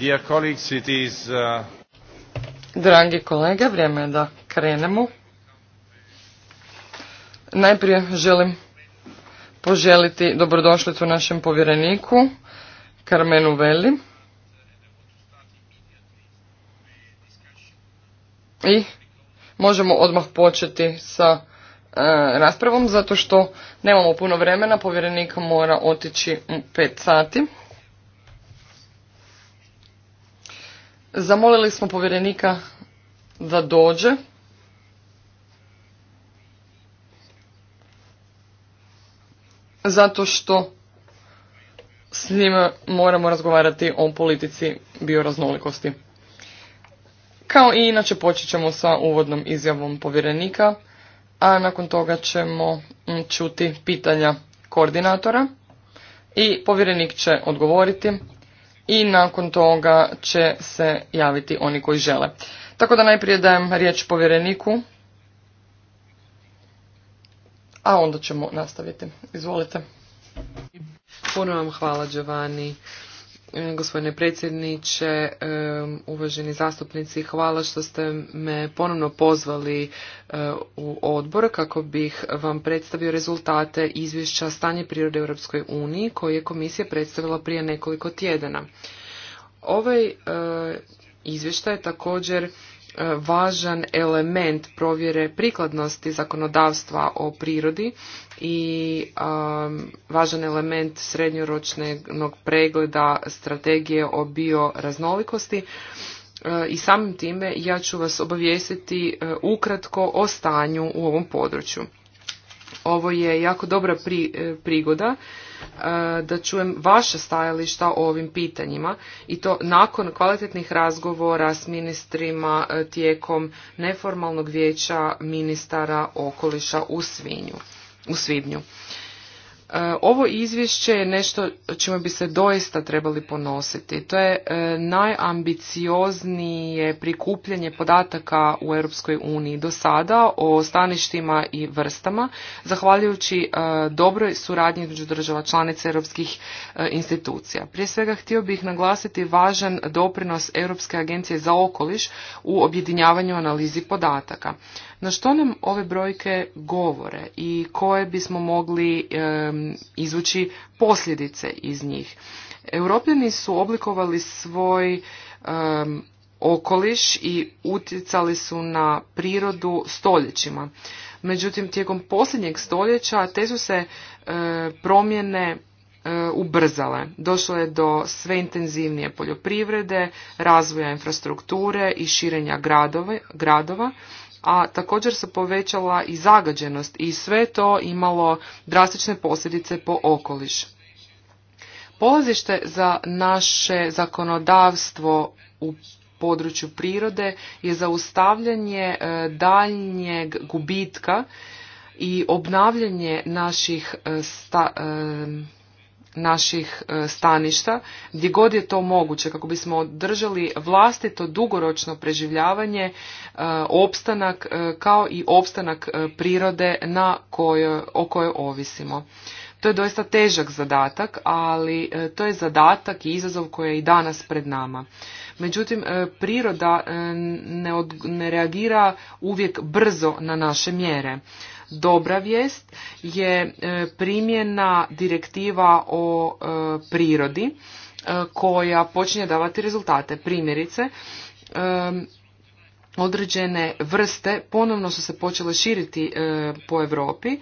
Dear uh, Dragi kolege, vrijeme je da krenemo. Najprije želim poželiti dobrodošlicu našem povjereniku, Karmenu Veli. I možemo odmah početi sa uh, raspravom zato što nemamo puno vremena, povjerenik mora otići u pet sati. Zamolili smo povjerenika da dođe. Zato što s njim moramo razgovarati o politici bioraznolikosti. Kao i inače počet ćemo sa uvodnom izjavom povjerenika, a nakon toga ćemo mm, čuti pitanja koordinatora i povjerenik će odgovoriti i nakon toga će se javiti oni koji žele. Tako da najprije dajem riječ povjereniku, a onda ćemo nastaviti. Izvolite. Puno vam hvala Giovanni Gospodine predsjedniče, uvaženi zastupnici, hvala što ste me ponovno pozvali e, u odbor kako bih vam predstavio rezultate izvješća stanje prirode Europskoj uniji koje je komisija predstavila prije nekoliko tjedana. Ovaj e, izvještaj također E, važan element provjere prikladnosti zakonodavstva o prirodi i važan element srednjoročnog pregleda strategije o bioraznolikosti e, i samim time ja ću vas obavijestiti e, ukratko o stanju u ovom području. Ovo je jako dobra prigoda E, da čujem vaše stajališta o ovim pitanjima i to nakon kvalitetnih razgovora s ministrima e, tijekom neformalnog vijeća ministara okoliša u, svinju, u svibnju. E, ovo izvješće je nešto čime bi se doista trebali ponositi. To je e, najambicioznije prikupljanje podataka u Europskoj uniji do sada o staništima i vrstama, zahvaljujući e, dobroj suradnji između država članica europskih institucija. Prije svega htio bih naglasiti važan doprinos Europske agencije za okoliš u objedinjavanju analizi podataka. Na što nam ove brojke govore i koje bismo mogli izvući posljedice iz njih? Europljani su oblikovali svoj okoliš i utjecali su na prirodu stoljećima. Međutim, tijekom posljednjeg stoljeća te su se e, promjene e, ubrzale. Došlo je do sve intenzivnije poljoprivrede, razvoja infrastrukture i širenja gradova, a također se povećala i zagađenost i sve to imalo drastične posljedice po okoliš. Polazište za naše zakonodavstvo u području prirode je zaustavljanje e, daljnjeg gubitka i obnavljanje naših e, sta, e, naših e, staništa gdje god je to moguće kako bismo održali vlastito dugoročno preživljavanje, e, opstanak e, kao i opstanak prirode na kojoj, o kojoj ovisimo. To je doista težak zadatak, ali to je zadatak i izazov koji je i danas pred nama. Međutim, priroda ne reagira uvijek brzo na naše mjere. Dobra vijest je e, primjena direktiva o e, prirodi e, koja počinje davati rezultate. Primjerice, određene vrste ponovno su se počele širiti e, po Europi. E,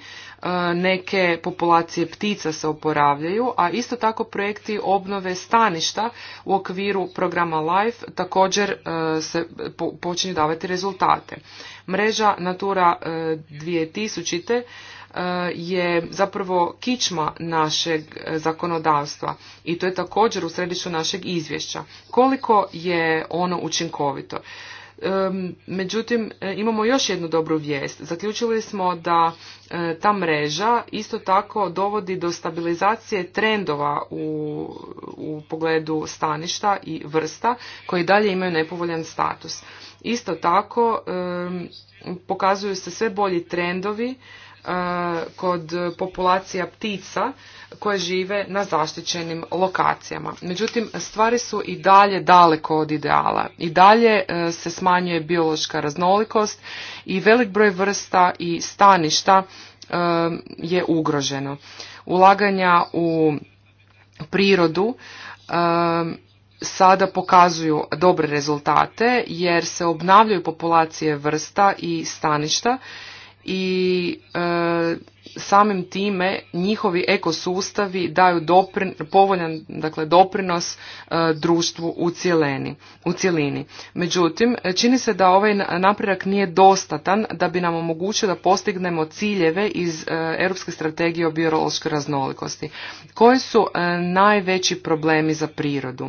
neke populacije ptica se oporavljaju, a isto tako projekti obnove staništa u okviru programa LIFE također e, se počinju davati rezultate. Mreža Natura 2000 je zapravo kičma našeg zakonodavstva i to je također u središtu našeg izvješća. Koliko je ono učinkovito? Međutim, e, imamo još jednu dobru vijest. Zaključili smo da e, ta mreža isto tako dovodi do stabilizacije trendova u, u pogledu staništa i vrsta koji dalje imaju nepovoljan status. Isto tako pokazuju se sve bolji trendovi kod populacija ptica koje žive na zaštićenim lokacijama. Međutim, stvari su i dalje daleko od ideala. I dalje e, se smanjuje biološka raznolikost i velik broj vrsta i staništa e, je ugroženo. Ulaganja u prirodu e, sada pokazuju dobre rezultate jer se obnavljaju populacije vrsta i staništa i e, samim time njihovi ekosustavi daju doprin, povoljan dakle, doprinos e, društvu u, cijeleni, u cjelini. Međutim, čini se da ovaj napredak nije dostatan da bi nam omogućio da postignemo ciljeve iz e, Europske strategije o biološkoj raznolikosti. Koji su najveći problemi za prirodu?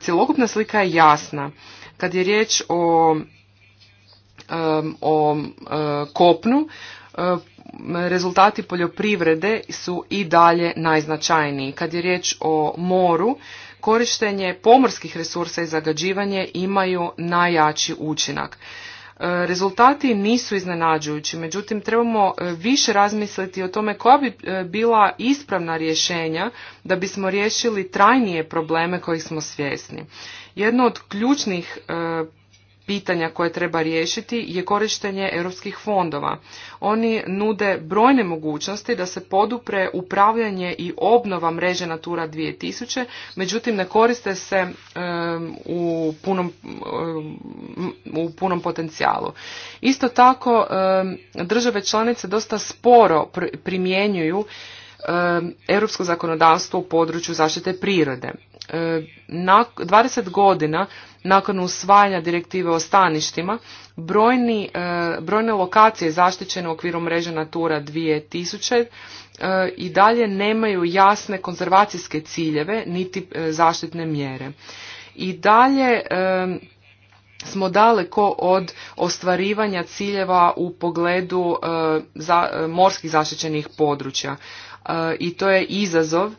Cjelokupna slika je jasna. Kad je riječ o Um, o um, kopnu um, rezultati poljoprivrede su i dalje najznačajniji. Kad je riječ o moru, korištenje pomorskih resursa i zagađivanje imaju najjači učinak. Uh, rezultati nisu iznenađujući, međutim trebamo uh, više razmisliti o tome koja bi uh, bila ispravna rješenja da bismo riješili trajnije probleme kojih smo svjesni. Jedno od ključnih pitanja koje treba riješiti je korištenje europskih fondova. Oni nude brojne mogućnosti da se podupre upravljanje i obnova mreže Natura 2000, međutim ne koriste se u, punom, u punom potencijalu. Isto tako države članice dosta sporo primjenjuju europsko zakonodavstvo u području zaštite prirode. 20 e, godina nakon usvajanja direktive o staništima, brojni, e, brojne lokacije zaštićene u okviru mreže Natura 2000 e, i dalje nemaju jasne konzervacijske ciljeve niti zaštitne mjere. I dalje smo daleko od ostvarivanja ciljeva u pogledu morskih zaštićenih područja i to je izazov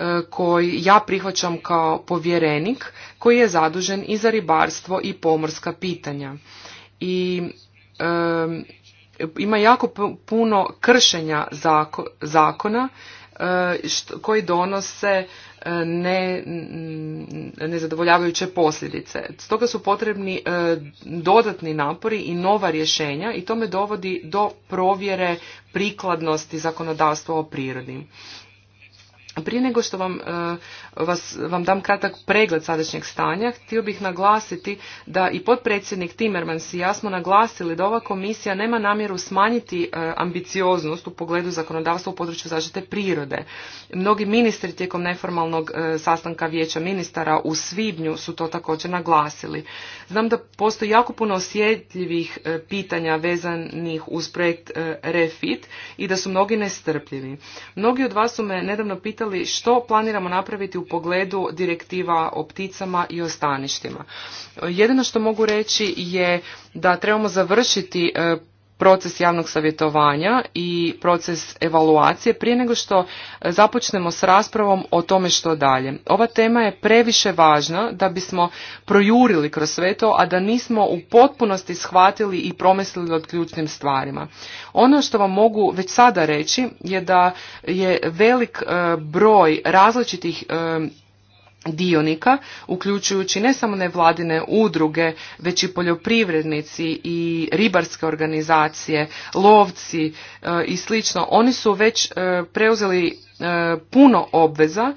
E, koji ja prihvaćam kao povjerenik koji je zadužen i za ribarstvo i pomorska pitanja. I e, ima jako puno kršenja zakona e, koji donose ne, nezadovoljavajuće posljedice. Stoga su potrebni dodatni napori i nova rješenja i to me dovodi do provjere prikladnosti zakonodavstva o prirodi. Prije nego što vam vas, vam dam kratak pregled sadašnjeg stanja, htio bih naglasiti da i potpredsjednik Timmermans i ja smo naglasili da ova komisija nema namjeru smanjiti e, ambicioznost u pogledu zakonodavstva u području zaštite prirode. Mnogi ministri tijekom neformalnog e, sastanka vijeća ministara u svibnju su to također naglasili. Znam da postoji jako puno osjetljivih e, pitanja vezanih uz projekt REFIT i da su mnogi nestrpljivi. Mnogi od vas su me nedavno pitali što planiramo napraviti u pogledu direktiva o pticama i o staništima. Jedino što mogu reći je da trebamo završiti e, proces javnog savjetovanja i proces evaluacije prije nego što e, započnemo s raspravom o tome što dalje. Ova tema je previše važna da bismo projurili kroz sve to, a da nismo u potpunosti shvatili i promislili o ključnim stvarima. Ono što vam mogu već sada reći je da je velik e, broj različitih e, dionika, uključujući ne samo nevladine udruge, već i poljoprivrednici i ribarske organizacije, lovci e, i slično. Oni su već e, preuzeli e, puno obveza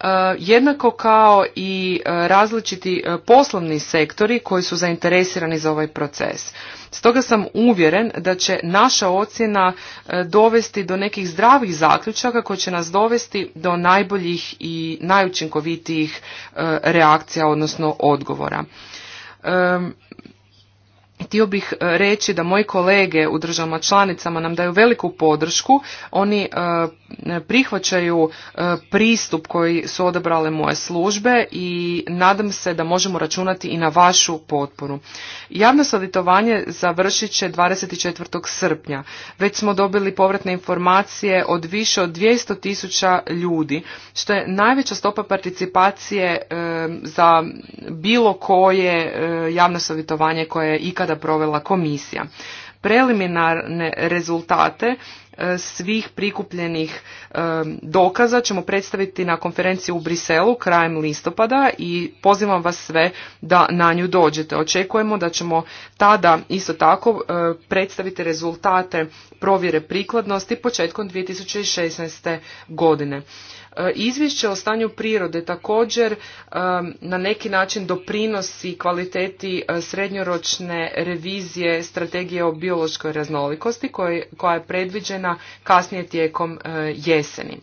E, jednako kao i e, različiti e, poslovni sektori koji su zainteresirani za ovaj proces. Stoga sam uvjeren da će naša ocjena dovesti do nekih zdravih zaključaka koji će nas dovesti do najboljih i najučinkovitijih reakcija, odnosno odgovora. Htio bih e, reći da moji kolege u državama članicama nam daju veliku podršku. Oni e, prihvaćaju e, pristup koji su odabrale moje službe i nadam se da možemo računati i na vašu potporu. Javno savjetovanje završit će 24. srpnja. Već smo dobili povratne informacije od više od 200 tisuća ljudi, što je najveća stopa participacije za bilo koje javno savjetovanje koje je ikad provela komisija. Preliminarne rezultate e, svih prikupljenih e, dokaza ćemo predstaviti na konferenciji u Briselu krajem listopada i pozivam vas sve da na nju dođete. Očekujemo da ćemo tada isto tako e, predstaviti rezultate provjere prikladnosti početkom 2016. godine. E, izvješće o stanju prirode također e, na neki način doprinosi kvaliteti e, srednjoročne revizije strategije o biološkoj raznolikosti koja je predviđena kasnije tijekom jeseni.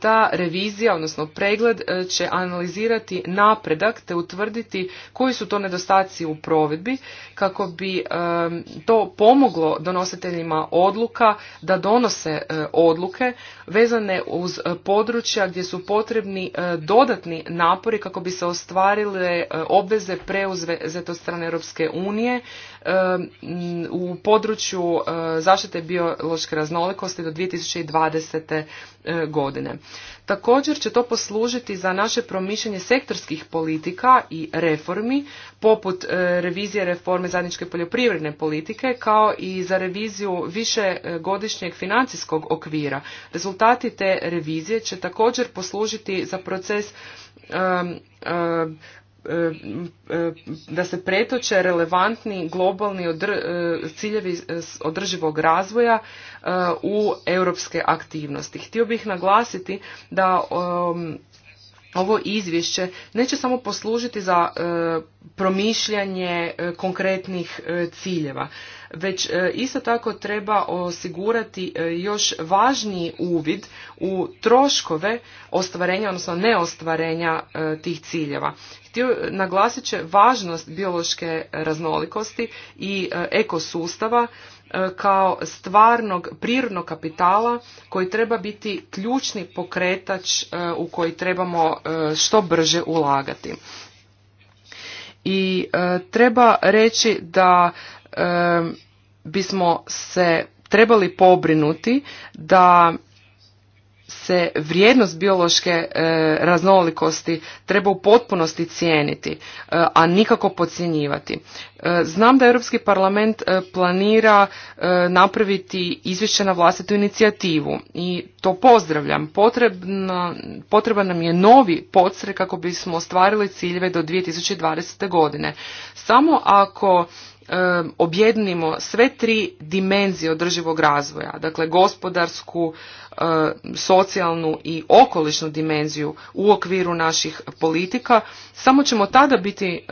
Ta revizija, odnosno pregled, će analizirati napredak te utvrditi koji su to nedostaci u provedbi kako bi to pomoglo donositeljima odluka da donose odluke, vezane uz e, područja gdje su potrebni e, dodatni napori kako bi se ostvarile e, obveze preuzete od strane Europske unije u području zaštite biološke raznolikosti do 2020. godine. Također će to poslužiti za naše promišljanje sektorskih politika i reformi, poput revizije reforme zajedničke poljoprivredne politike, kao i za reviziju višegodišnjeg financijskog okvira. Rezultat rezultati te revizije će također poslužiti za proces um, um, um, da se pretoče relevantni globalni uh, ciljevi uh, održivog razvoja uh, u europske aktivnosti. Htio bih naglasiti da ovo izvješće neće samo poslužiti za promišljanje konkretnih ciljeva već e, isto tako treba osigurati e, još važniji uvid u troškove ostvarenja, odnosno neostvarenja e, tih ciljeva. Htio naglasit će važnost biološke raznolikosti i ekosustava kao stvarnog prirodnog kapitala koji treba biti ključni pokretač u koji trebamo što brže ulagati. I treba reći da bismo se trebali pobrinuti da se vrijednost biološke e, raznolikosti treba u potpunosti cijeniti, e, a nikako podcjenjivati. E, znam da Europski parlament planira napraviti izvješće na vlastitu inicijativu i to pozdravljam. Potrebna, potreban nam je novi podsre kako bismo ostvarili ciljeve do 2020. godine. Samo ako objednimo sve tri dimenzije održivog razvoja, dakle gospodarsku, socijalnu i okolišnu dimenziju u okviru naših politika, samo ćemo tada biti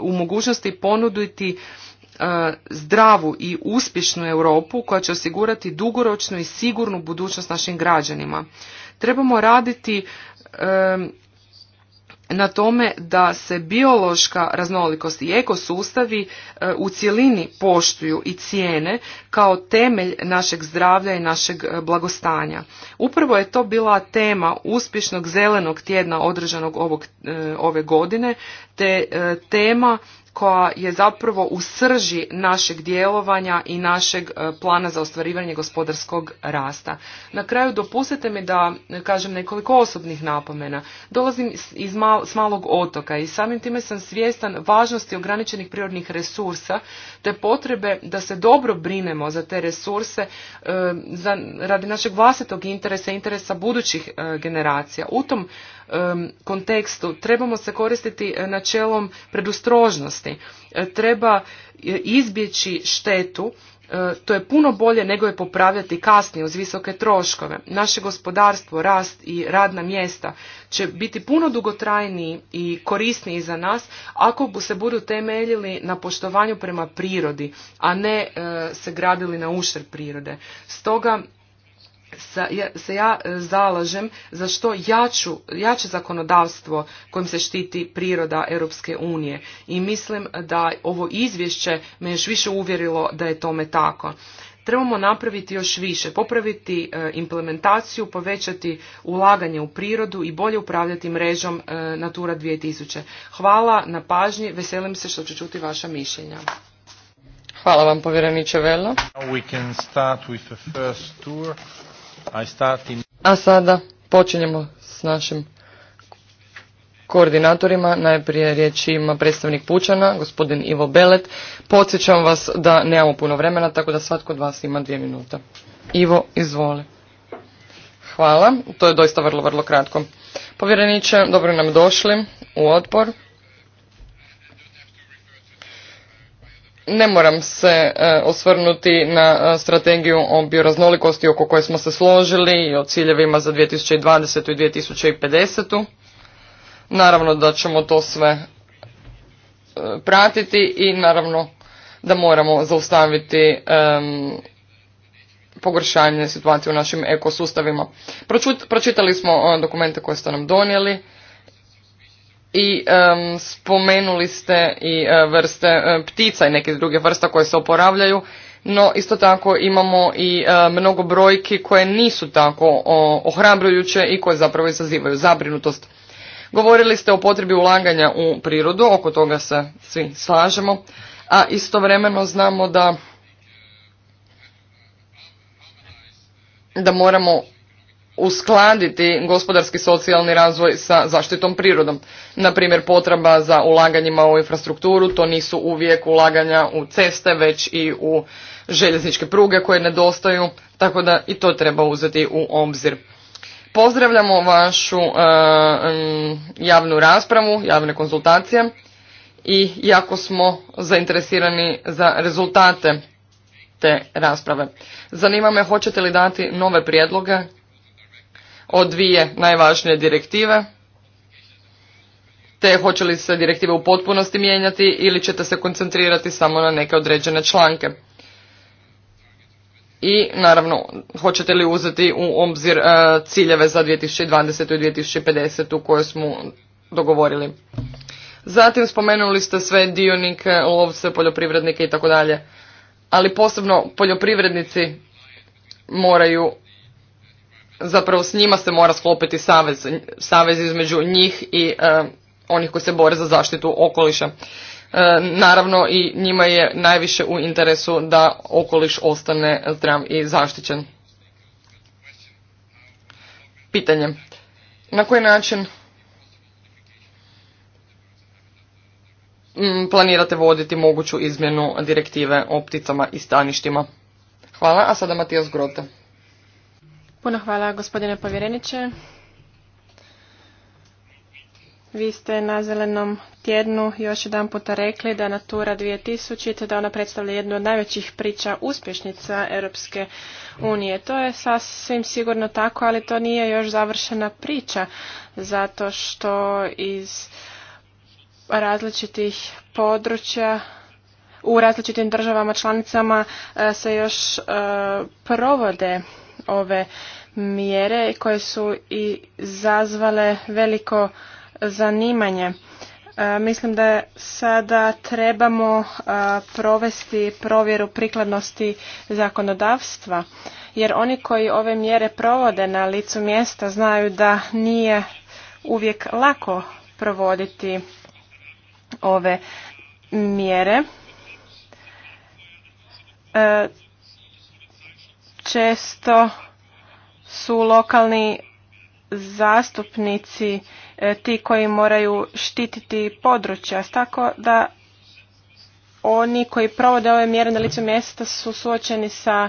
u mogućnosti ponuditi zdravu i uspješnu Europu koja će osigurati dugoročnu i sigurnu budućnost našim građanima. Trebamo raditi na tome da se biološka raznolikost i ekosustavi e, u cjelini poštuju i cijene kao temelj našeg zdravlja i našeg e, blagostanja. Upravo je to bila tema uspješnog zelenog tjedna održanog ovog, e, ove godine, te tema koja je zapravo u srži našeg djelovanja i našeg e, plana za ostvarivanje gospodarskog rasta. Na kraju dopustite mi da e, kažem nekoliko osobnih napomena. Dolazim iz s malog otoka i samim time sam svjestan važnosti ograničenih prirodnih resursa te potrebe da se dobro brinemo za te resurse e, za, radi našeg vlastitog interesa, interesa budućih generacija. U tom Um, kontekstu trebamo se koristiti eh, načelom predustrožnosti. Eh, treba eh, izbjeći štetu to je puno bolje nego je popravljati kasnije uz visoke troškove. Naše gospodarstvo, rast i radna mjesta će biti puno dugotrajniji i korisniji za nas ako se budu temeljili na poštovanju prema prirodi, a ne se gradili na uštrb prirode. Stoga se ja e, zalažem za što jaču, jače zakonodavstvo kojim se štiti priroda Europske unije i mislim da ovo izvješće me još više uvjerilo da je tome tako. Trebamo napraviti još više, popraviti e, implementaciju, povećati ulaganje u prirodu i bolje upravljati mrežom e, Natura 2000. Hvala na pažnji, veselim se što ću čuti vaša mišljenja. Hvala vam povjereniče Velo. A sada počinjemo s našim koordinatorima. Najprije riječ ima predstavnik Pučana, gospodin Ivo Belet. Podsjećam vas da nemamo puno vremena, tako da svatko od vas ima dvije minute. Ivo, izvoli. Hvala, to je doista vrlo, vrlo kratko. Povjereniče, dobro nam došli u odpor. Ne moram se e, osvrnuti na e, strategiju o bioraznolikosti oko koje smo se složili i o ciljevima za 2020. i 2050. Naravno da ćemo to sve e, pratiti i naravno da moramo zaustaviti pogoršanje situacije u našim ekosustavima. pročitali smo dokumente koje ste nam donijeli i spomenuli ste i e, vrste e, ptica i neke druge vrsta koje se oporavljaju, no isto tako imamo i e, mnogo brojki koje nisu tako ohrabrujuće i koje zapravo izazivaju zabrinutost. Govorili ste o potrebi ulaganja u prirodu, oko toga se svi slažemo, a istovremeno znamo da da moramo uskladiti gospodarski socijalni razvoj sa zaštitom prirodom. Naprimjer, potreba za ulaganjima u infrastrukturu, to nisu uvijek ulaganja u ceste, već i u željezničke pruge koje nedostaju, tako da i to treba uzeti u obzir. Pozdravljamo vašu e, mm, javnu raspravu, javne konzultacije i jako smo zainteresirani za rezultate te rasprave. Zanima me hoćete li dati nove prijedloge o dvije najvažnije direktive, te hoće li se direktive u potpunosti mijenjati ili ćete se koncentrirati samo na neke određene članke. I naravno, hoćete li uzeti u obzir e, ciljeve za 2020. i 2050. koje smo dogovorili. Zatim spomenuli ste sve dionike, lovce, poljoprivrednike i tako dalje. Ali posebno poljoprivrednici moraju zapravo s njima se mora sklopiti savez, savez između njih i e, onih koji se bore za zaštitu okoliša. E, naravno i njima je najviše u interesu da okoliš ostane zdrav i zaštićen. Pitanje. Na koji način mm, planirate voditi moguću izmjenu direktive o pticama i staništima? Hvala, a sada Matijas Grote. Puno hvala gospodine povjereniče. Vi ste na zelenom tjednu još jedan puta rekli da Natura 2000 te da ona predstavlja jednu od najvećih priča uspješnica Europske unije. To je sasvim sigurno tako, ali to nije još završena priča, zato što iz različitih područja u različitim državama članicama e, se još e, provode ove mjere koje su i zazvale veliko zanimanje. E, mislim da sada trebamo e, provesti provjeru prikladnosti zakonodavstva, jer oni koji ove mjere provode na licu mjesta znaju da nije uvijek lako provoditi ove mjere. E, često su lokalni zastupnici e, ti koji moraju štititi područja, tako da oni koji provode ove mjere na licu mjesta su suočeni sa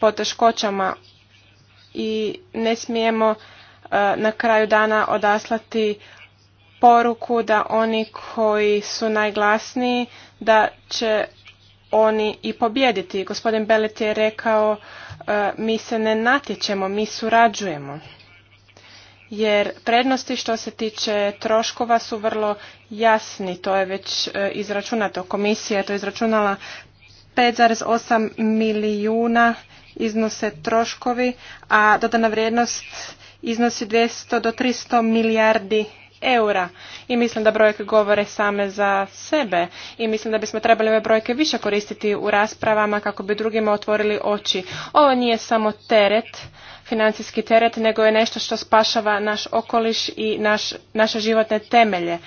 poteškoćama i ne smijemo e, na kraju dana odaslati poruku da oni koji su najglasniji da će oni i pobijediti. Gospodin Belet je rekao e, mi se ne natječemo, mi surađujemo. Jer prednosti što se tiče troškova su vrlo jasni, to je već e, izračunato. Komisija je to izračunala 5,8 milijuna iznose troškovi, a dodana vrijednost iznosi 200 do 300 milijardi eura. I mislim da brojke govore same za sebe i mislim da bismo trebali ove brojke više koristiti u raspravama kako bi drugima otvorili oči. Ovo nije samo teret, financijski teret, nego je nešto što spašava naš okoliš i naš, naše životne temelje.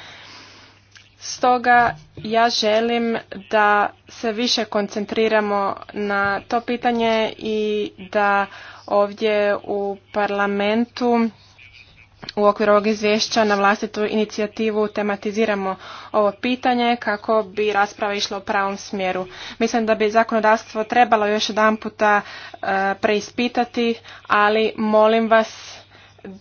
Stoga ja želim da se više koncentriramo na to pitanje i da ovdje u parlamentu u okviru ovog izvješća na vlastitu inicijativu tematiziramo ovo pitanje kako bi rasprava išla u pravom smjeru. Mislim da bi zakonodavstvo trebalo još jedan puta e, preispitati, ali molim vas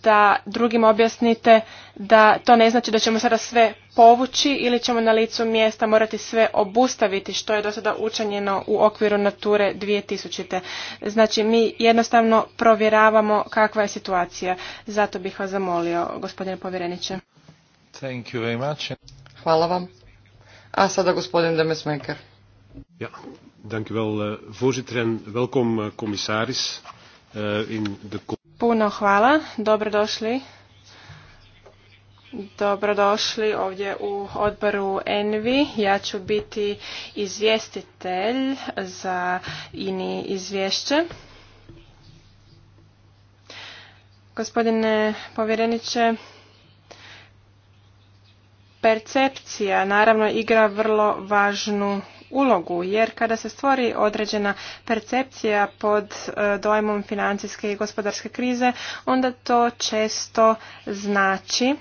da drugim objasnite da to ne znači da ćemo sada sve povući ili ćemo na licu mjesta morati sve obustaviti što je do sada učanjeno u okviru Nature 2000. Znači mi jednostavno provjeravamo kakva je situacija. Zato bih vas zamolio gospodine Povjereniće. Thank you very much. Hvala vam. A sada gospodin Ja, dank u wel eh, voorzitter en eh, eh, in Puno hvala, dobrodošli. Dobrodošli ovdje u odboru Envi. Ja ću biti izvjestitelj za INI izvješće. Gospodine povjereniče, percepcija naravno igra vrlo važnu ulogu jer kada se stvori određena percepcija pod e, dojmom financijske i gospodarske krize onda to često znači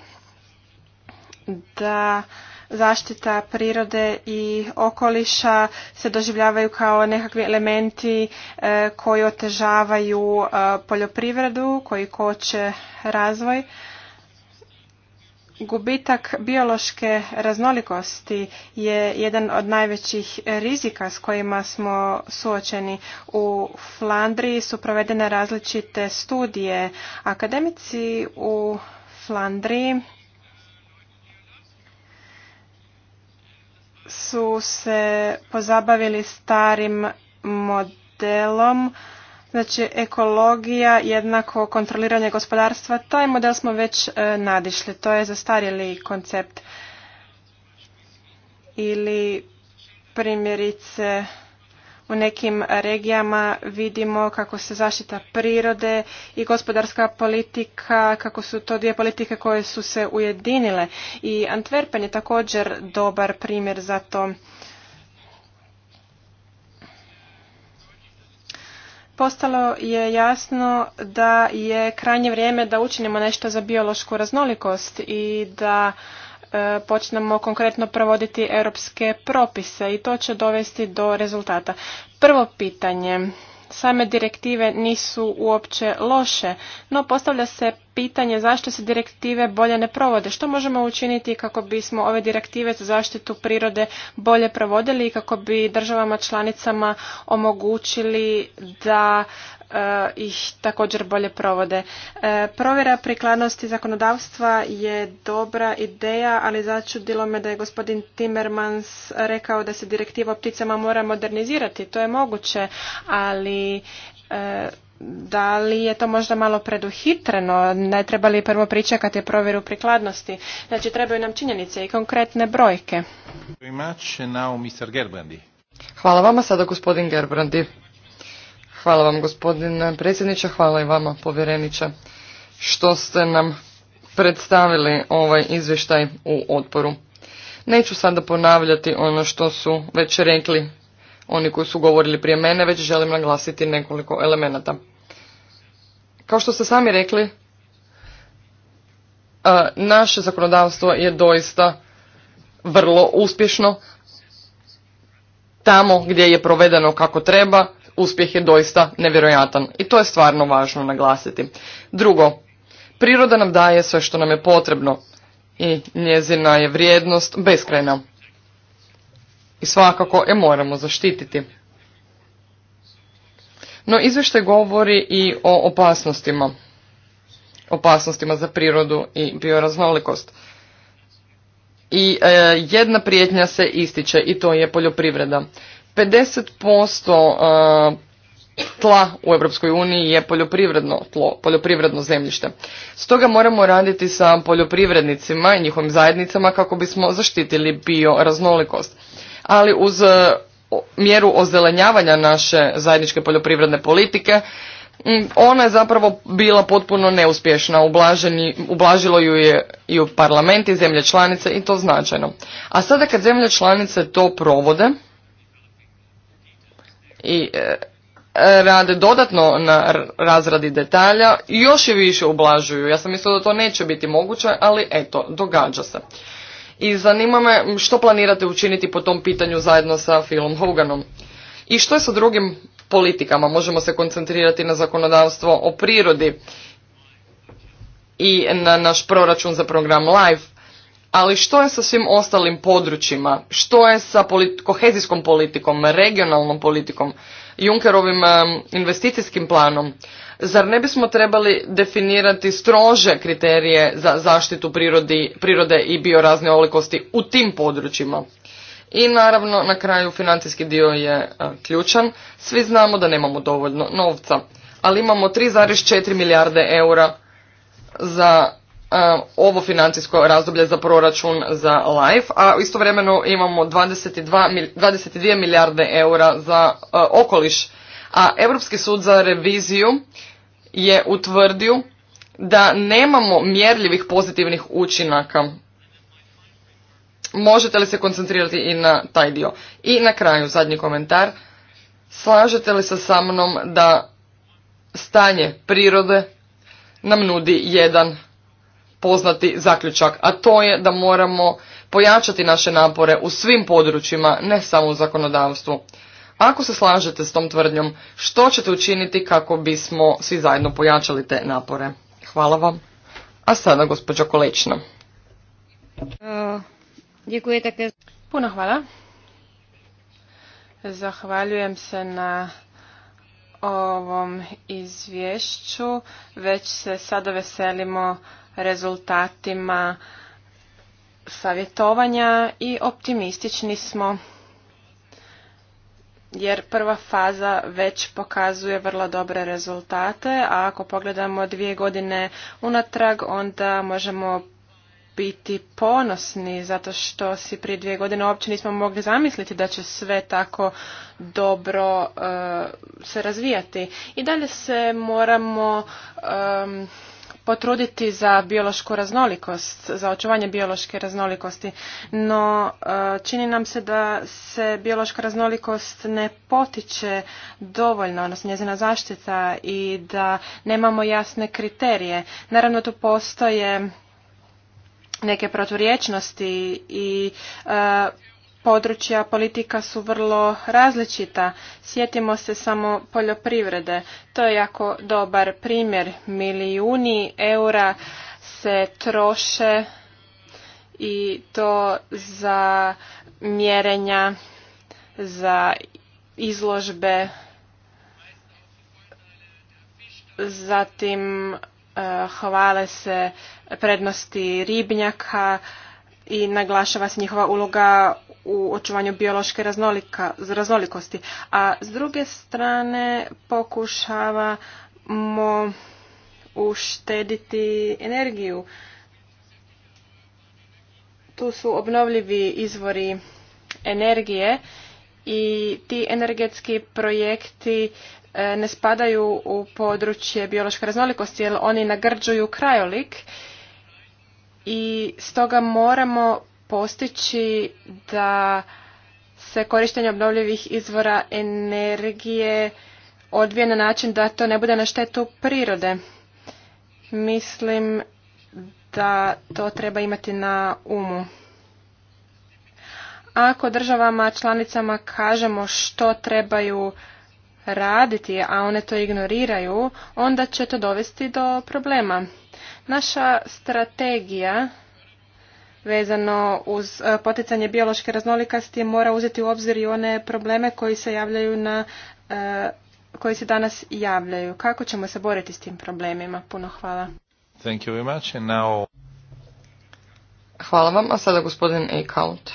da zaštita prirode i okoliša se doživljavaju kao nekakvi elementi e, koji otežavaju e, poljoprivredu, koji koče razvoj. Gubitak biološke raznolikosti je jedan od najvećih rizika s kojima smo suočeni. U Flandriji su provedene različite studije. Akademici u Flandriji su se pozabavili starim modelom Znači, ekologija, jednako kontroliranje gospodarstva, taj model smo već e, nadišli. To je zastarjeli koncept. Ili primjerice u nekim regijama vidimo kako se zaštita prirode i gospodarska politika, kako su to dvije politike koje su se ujedinile. I Antwerpen je također dobar primjer za to. postalo je jasno da je krajnje vrijeme da učinimo nešto za biološku raznolikost i da e, počnemo konkretno provoditi europske propise i to će dovesti do rezultata. Prvo pitanje, same direktive nisu uopće loše, no postavlja se pitanje zašto se direktive bolje ne provode. Što možemo učiniti kako bismo ove direktive za zaštitu prirode bolje provodili i kako bi državama članicama omogućili da Eh, ih također bolje provode. Eh, provjera prikladnosti zakonodavstva je dobra ideja, ali začudilo me da je gospodin Timmermans rekao da se direktiva o pticama mora modernizirati. To je moguće, ali eh, da li je to možda malo preduhitreno, ne treba li prvo pričekati provjeru prikladnosti. Znači trebaju nam činjenice i konkretne brojke. Hvala vama sada gospodin Gerbrandi. Hvala vam gospodine predsjedniče, hvala i vama povjereniče što ste nam predstavili ovaj izvještaj u odporu. Neću sada ponavljati ono što su već rekli oni koji su govorili prije mene, već želim naglasiti nekoliko elemenata. Kao što ste sami rekli, e, naše zakonodavstvo je doista vrlo uspješno tamo gdje je provedeno kako treba, uspjeh je doista nevjerojatan i to je stvarno važno naglasiti. Drugo, priroda nam daje sve što nam je potrebno i njezina je vrijednost beskrajna. I svakako je moramo zaštititi. No izvještaj govori i o opasnostima. Opasnostima za prirodu i bioraznolikost. I e, jedna prijetnja se ističe i to je poljoprivreda. 50% e, tla u Europskoj uniji je poljoprivredno tlo, poljoprivredno zemljište. Stoga moramo raditi sa poljoprivrednicima i njihovim zajednicama kako bismo zaštitili bioraznolikost. Ali uz e, mjeru ozelenjavanja naše zajedničke poljoprivredne politike, ona je zapravo bila potpuno neuspješna, ublažilo ju je i u parlament i zemlje članice i to značajno. A sada kad zemlje članice to provode, i e, e, rade dodatno na razradi detalja i još je više ublažuju. Ja sam mislila da to neće biti moguće, ali eto, događa se. I zanima me što planirate učiniti po tom pitanju zajedno sa Philom Hoganom. I što je sa drugim politikama? Možemo se koncentrirati na zakonodavstvo o prirodi i na naš proračun za program Live ali što je sa svim ostalim područjima? Što je sa kohezijskom politikom, regionalnom politikom, Junkerovim investicijskim planom? Zar ne bismo trebali definirati strože kriterije za zaštitu prirode i olikosti u tim područjima? I naravno, na kraju, financijski dio je e, ključan. Svi znamo da nemamo dovoljno novca, ali imamo 3,4 milijarde eura za Um, ovo financijsko razdoblje za proračun za LIFE, a istovremeno imamo 22, 22 milijarde eura za uh, okoliš. A Europski sud za reviziju je utvrdio da nemamo mjerljivih pozitivnih učinaka. Možete li se koncentrirati i na taj dio? I na kraju, zadnji komentar. Slažete li se sa mnom da stanje prirode nam nudi jedan poznati zaključak, a to je da moramo pojačati naše napore u svim područjima, ne samo u zakonodavstvu. Ako se slažete s tom tvrdnjom, što ćete učiniti kako bismo svi zajedno pojačali te napore? Hvala vam. A sada gospođa Kolečna. Puno hvala. Zahvaljujem se na ovom izvješću. Već se sada veselimo rezultatima savjetovanja i optimistični smo jer prva faza već pokazuje vrlo dobre rezultate, a ako pogledamo dvije godine unatrag, onda možemo biti ponosni zato što si prije dvije godine uopće nismo mogli zamisliti da će sve tako dobro eh, se razvijati. I dalje se moramo potruditi za biološku raznolikost, za očuvanje biološke raznolikosti, no e, čini nam se da se biološka raznolikost ne potiče dovoljno, odnosno njezina zaštita i da nemamo jasne kriterije. Naravno tu postoje neke proturječnosti i e, područja politika su vrlo različita. Sjetimo se samo poljoprivrede. To je jako dobar primjer. Milijuni eura se troše i to za mjerenja, za izložbe, zatim eh, hvale se prednosti ribnjaka, i naglašava se njihova uloga u očuvanju biološke raznolikosti. A s druge strane pokušavamo uštediti energiju. Tu su obnovljivi izvori energije i ti energetski projekti e, ne spadaju u područje biološke raznolikosti jer oni nagrđuju krajolik i stoga moramo postići da se korištenje obnovljivih izvora energije odvije na način da to ne bude na štetu prirode. Mislim da to treba imati na umu. Ako državama članicama kažemo što trebaju raditi, a one to ignoriraju, onda će to dovesti do problema. Naša strategija vezano uz e, poticanje biološke raznolikosti mora uzeti u obzir i one probleme koji se javljaju na e, koji se danas javljaju. Kako ćemo se boriti s tim problemima? Puno hvala. Thank you very much. And now... Hvala vam, a sada gospodin Eichhout.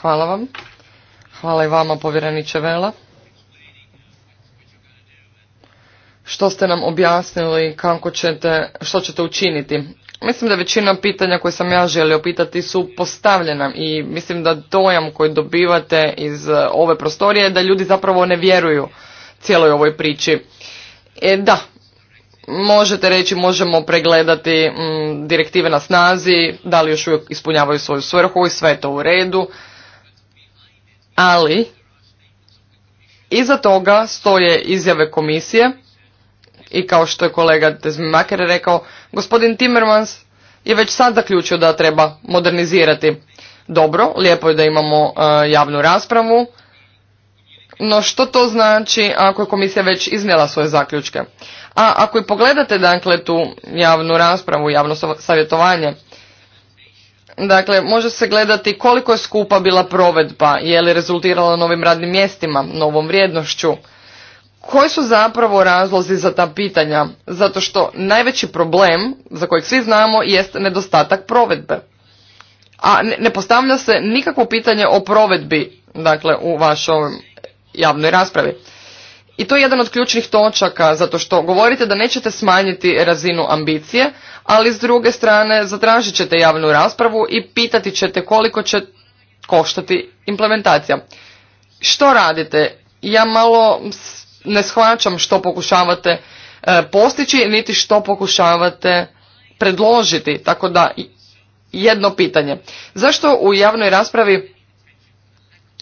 Hvala vam. Hvala i vama, povjereniče Vela. što ste nam objasnili, kako ćete, što ćete učiniti. Mislim da većina pitanja koje sam ja želio pitati su postavljena i mislim da dojam koji dobivate iz e, ove prostorije je da ljudi zapravo ne vjeruju cijeloj ovoj priči. E, da, možete reći možemo pregledati mm, direktive na snazi, da li još uvijek ispunjavaju svoju svrhu i sve je to u redu, ali iza toga stoje izjave komisije i kao što je kolega Maker rekao, gospodin Timmermans je već sad zaključio da treba modernizirati. Dobro, lijepo je da imamo e, javnu raspravu, no što to znači ako je komisija već iznijela svoje zaključke? A ako i pogledate dakle tu javnu raspravu, javno savjetovanje, dakle može se gledati koliko je skupa bila provedba, je li rezultirala novim radnim mjestima, novom vrijednošću, koji su zapravo razlozi za ta pitanja? Zato što najveći problem, za kojeg svi znamo, jest nedostatak provedbe. A ne postavlja se nikakvo pitanje o provedbi, dakle, u vašoj javnoj raspravi. I to je jedan od ključnih točaka, zato što govorite da nećete smanjiti razinu ambicije, ali s druge strane zatražit ćete javnu raspravu i pitati ćete koliko će koštati implementacija. Što radite? Ja malo ne shvaćam što pokušavate e, postići, niti što pokušavate predložiti. Tako da, jedno pitanje. Zašto u javnoj raspravi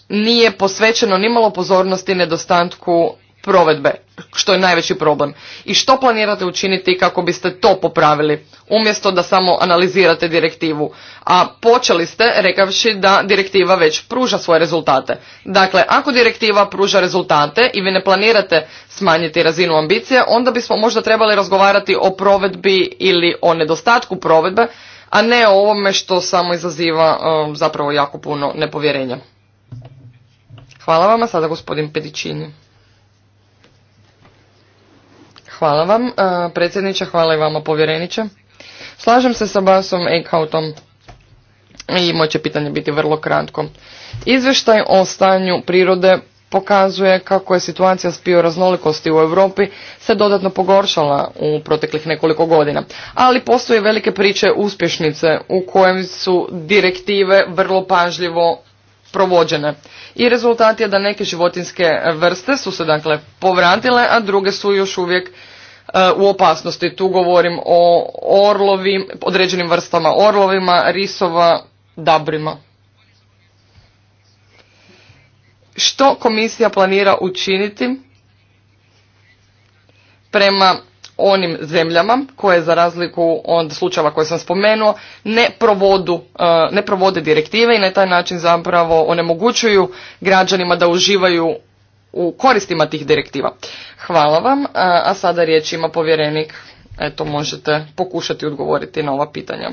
nije posvećeno nimalo pozornosti nedostatku provedbe, što je najveći problem. I što planirate učiniti kako biste to popravili, umjesto da samo analizirate direktivu? A počeli ste rekavši da direktiva već pruža svoje rezultate. Dakle, ako direktiva pruža rezultate i vi ne planirate smanjiti razinu ambicije, onda bismo možda trebali razgovarati o provedbi ili o nedostatku provedbe, a ne o ovome što samo izaziva e, zapravo jako puno nepovjerenja. Hvala vama, sada gospodin Pedicini Hvala vam, e, predsjedniče, hvala i vama povjereniče. Slažem se sa Basom Eichhautom i moje pitanje biti vrlo kratko. Izvještaj o stanju prirode pokazuje kako je situacija s bioraznolikosti u Europi se dodatno pogoršala u proteklih nekoliko godina. Ali postoje velike priče uspješnice u kojem su direktive vrlo pažljivo provođene. I rezultat je da neke životinske vrste su se dakle povratile, a druge su još uvijek e, u opasnosti. Tu govorim o orlovim, određenim vrstama orlovima, risova, dabrima. Što komisija planira učiniti prema onim zemljama koje za razliku od slučajeva koje sam spomenuo ne, provodu, e, ne provode direktive i na taj način zapravo onemogućuju građanima da uživaju u koristima tih direktiva. Hvala vam, e, a sada riječ ima povjerenik. Eto, možete pokušati odgovoriti na ova pitanja.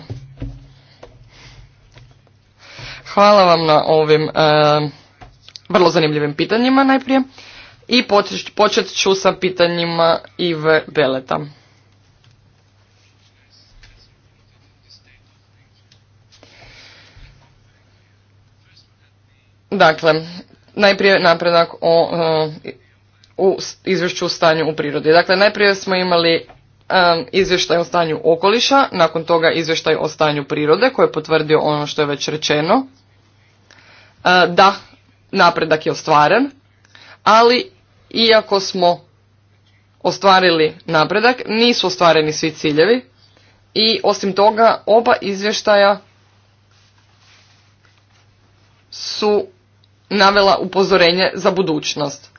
Hvala vam na ovim e, vrlo zanimljivim pitanjima najprije. I počet ću sa pitanjima Ive Beleta. Dakle, najprije napredak o, uh, u izvješću o stanju u prirodi. Dakle, najprije smo imali um, izvještaj o stanju okoliša, nakon toga izvještaj o stanju prirode koji je potvrdio ono što je već rečeno. Uh, da, napredak je ostvaren, ali iako smo ostvarili napredak, nisu ostvareni svi ciljevi i osim toga oba izvještaja su navela upozorenje za budućnost.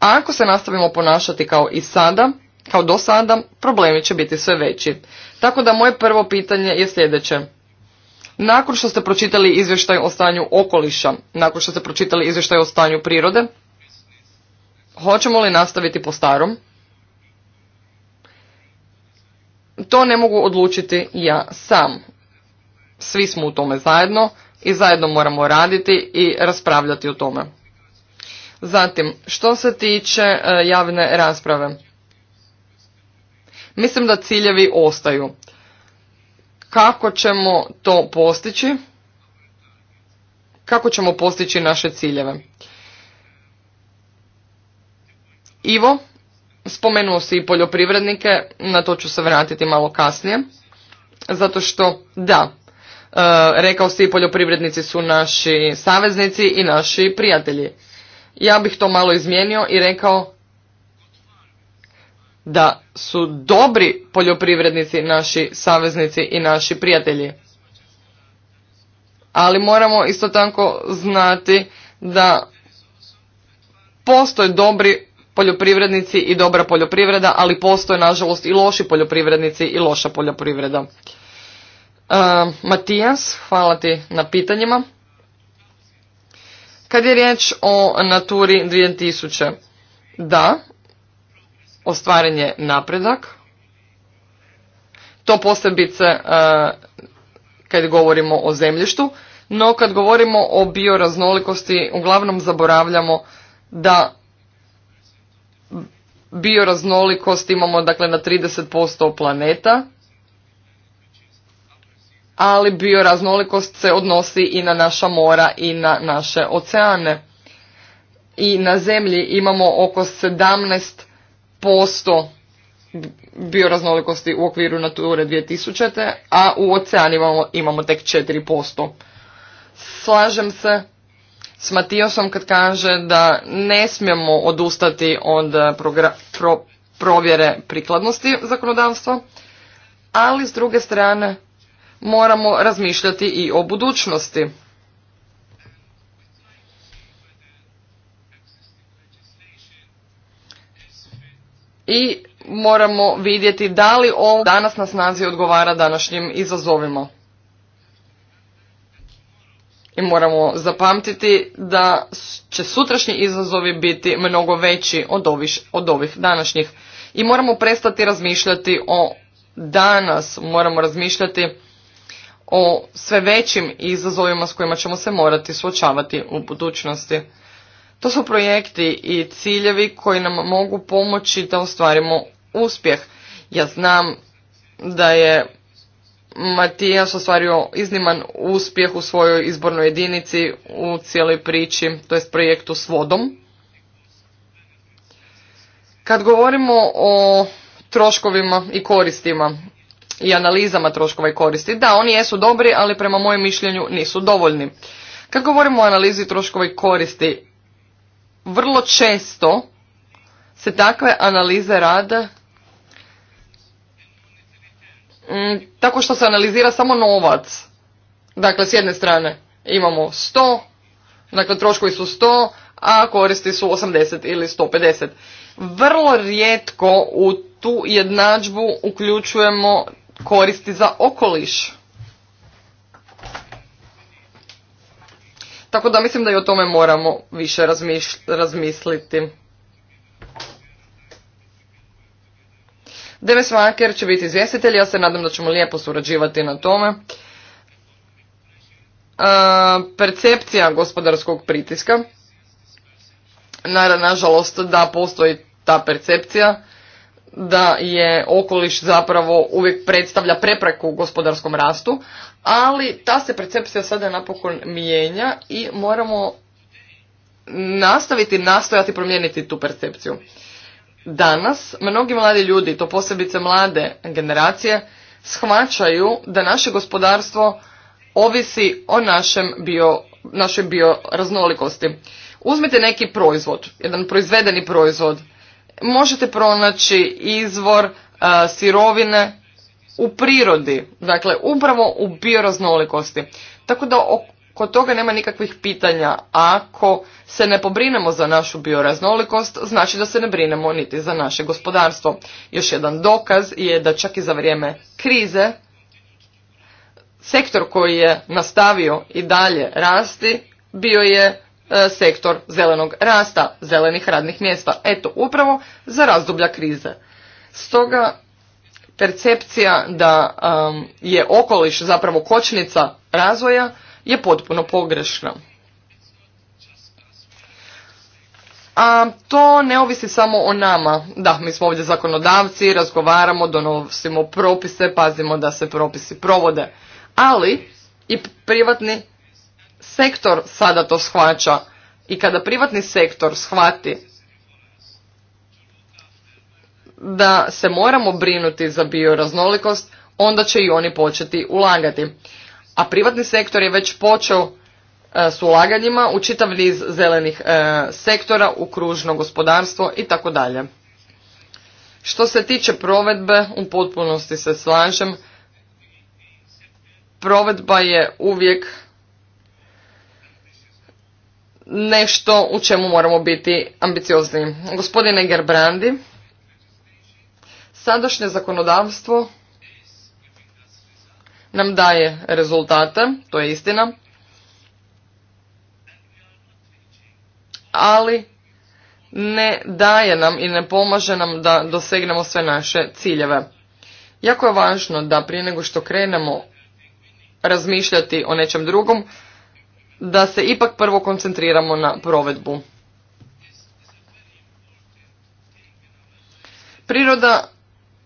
A ako se nastavimo ponašati kao i sada, kao do sada, problemi će biti sve veći. Tako da moje prvo pitanje je sljedeće. Nakon što ste pročitali izvještaj o stanju okoliša, nakon što ste pročitali izvještaj o stanju prirode, Hoćemo li nastaviti po starom? To ne mogu odlučiti ja sam. Svi smo u tome zajedno i zajedno moramo raditi i raspravljati o tome. Zatim, što se tiče e, javne rasprave. Mislim da ciljevi ostaju. Kako ćemo to postići? Kako ćemo postići naše ciljeve? Ivo, spomenuo si i poljoprivrednike, na to ću se vratiti malo kasnije, zato što da, e, rekao si i poljoprivrednici su naši saveznici i naši prijatelji. Ja bih to malo izmijenio i rekao da su dobri poljoprivrednici naši saveznici i naši prijatelji. Ali moramo isto tako znati da postoje dobri poljoprivrednici i dobra poljoprivreda, ali postoje nažalost i loši poljoprivrednici i loša poljoprivreda. Uh, Matijas, hvala ti na pitanjima. Kad je riječ o Naturi 2000, da, ostvaren je napredak. To posebice uh, kad govorimo o zemljištu, no kad govorimo o bioraznolikosti, uglavnom zaboravljamo da bioraznolikost imamo dakle na 30% planeta, ali bioraznolikost se odnosi i na naša mora i na naše oceane. I na zemlji imamo oko 17% bioraznolikosti u okviru Nature 2000, a u oceanima imamo, imamo tek 4%. Slažem se s Matiosom kad kaže da ne smijemo odustati od eh, provjere prikladnosti zakonodavstva, ali s druge strane moramo razmišljati i o budućnosti. I moramo vidjeti da li on danas na snazi odgovara današnjim izazovima i moramo zapamtiti da će sutrašnji izazovi biti mnogo veći od ovih, od ovih današnjih. I moramo prestati razmišljati o danas, moramo razmišljati o sve većim izazovima s kojima ćemo se morati suočavati u budućnosti. To su projekti i ciljevi koji nam mogu pomoći da ostvarimo uspjeh. Ja znam da je Matijas ostvario izniman uspjeh u svojoj izbornoj jedinici u cijeloj priči, to jest projektu s vodom. Kad govorimo o troškovima i koristima i analizama troškova i koristi, da, oni jesu dobri, ali prema mojem mišljenju nisu dovoljni. Kad govorimo o analizi troškova i koristi, vrlo često se takve analize rade Mm, tako što se analizira samo novac. Dakle, s jedne strane imamo 100, dakle troškovi su 100, a koristi su 80 ili 150. Vrlo rijetko u tu jednadžbu uključujemo koristi za okoliš. Tako da mislim da i o tome moramo više razmisliti. Deves Vaker će biti izvjestitelj, ja se nadam da ćemo lijepo surađivati na tome. Percepcija gospodarskog pritiska. Naravno, nažalost, da postoji ta percepcija da je okoliš zapravo uvijek predstavlja prepreku u gospodarskom rastu, ali ta se percepcija sada napokon mijenja i moramo nastaviti nastojati promijeniti tu percepciju. Danas mnogi mladi ljudi, to posebice mlade generacije, shvaćaju da naše gospodarstvo ovisi o našem bio, našoj bioraznolikosti. Uzmite neki proizvod, jedan proizvedeni proizvod. Možete pronaći izvor e, sirovine u prirodi, dakle upravo u bioraznolikosti. Tako da kod toga nema nikakvih pitanja. Ako se ne pobrinemo za našu bioraznolikost, znači da se ne brinemo niti za naše gospodarstvo. Još jedan dokaz je da čak i za vrijeme krize sektor koji je nastavio i dalje rasti bio je e, sektor zelenog rasta, zelenih radnih mjesta. Eto, upravo za razdoblja krize. Stoga percepcija da je okoliš zapravo kočnica razvoja je potpuno pogrešna. A to ne ovisi samo o nama. Da, mi smo ovdje zakonodavci, razgovaramo, donosimo propise, pazimo da se propisi provode. Ali i privatni sektor sada to shvaća. I kada privatni sektor shvati da se moramo brinuti za bioraznolikost, onda će i oni početi ulagati a privatni sektor je već počeo e, s ulaganjima u čitav niz zelenih e, sektora, u kružno gospodarstvo i tako dalje. Što se tiče provedbe, u potpunosti se slažem, provedba je uvijek nešto u čemu moramo biti ambiciozni. Gospodine Gerbrandi, sadašnje zakonodavstvo nam daje rezultate, to je istina. Ali ne daje nam i ne pomaže nam da dosegnemo sve naše ciljeve. Jako je važno da prije nego što krenemo razmišljati o nečem drugom, da se ipak prvo koncentriramo na provedbu. Priroda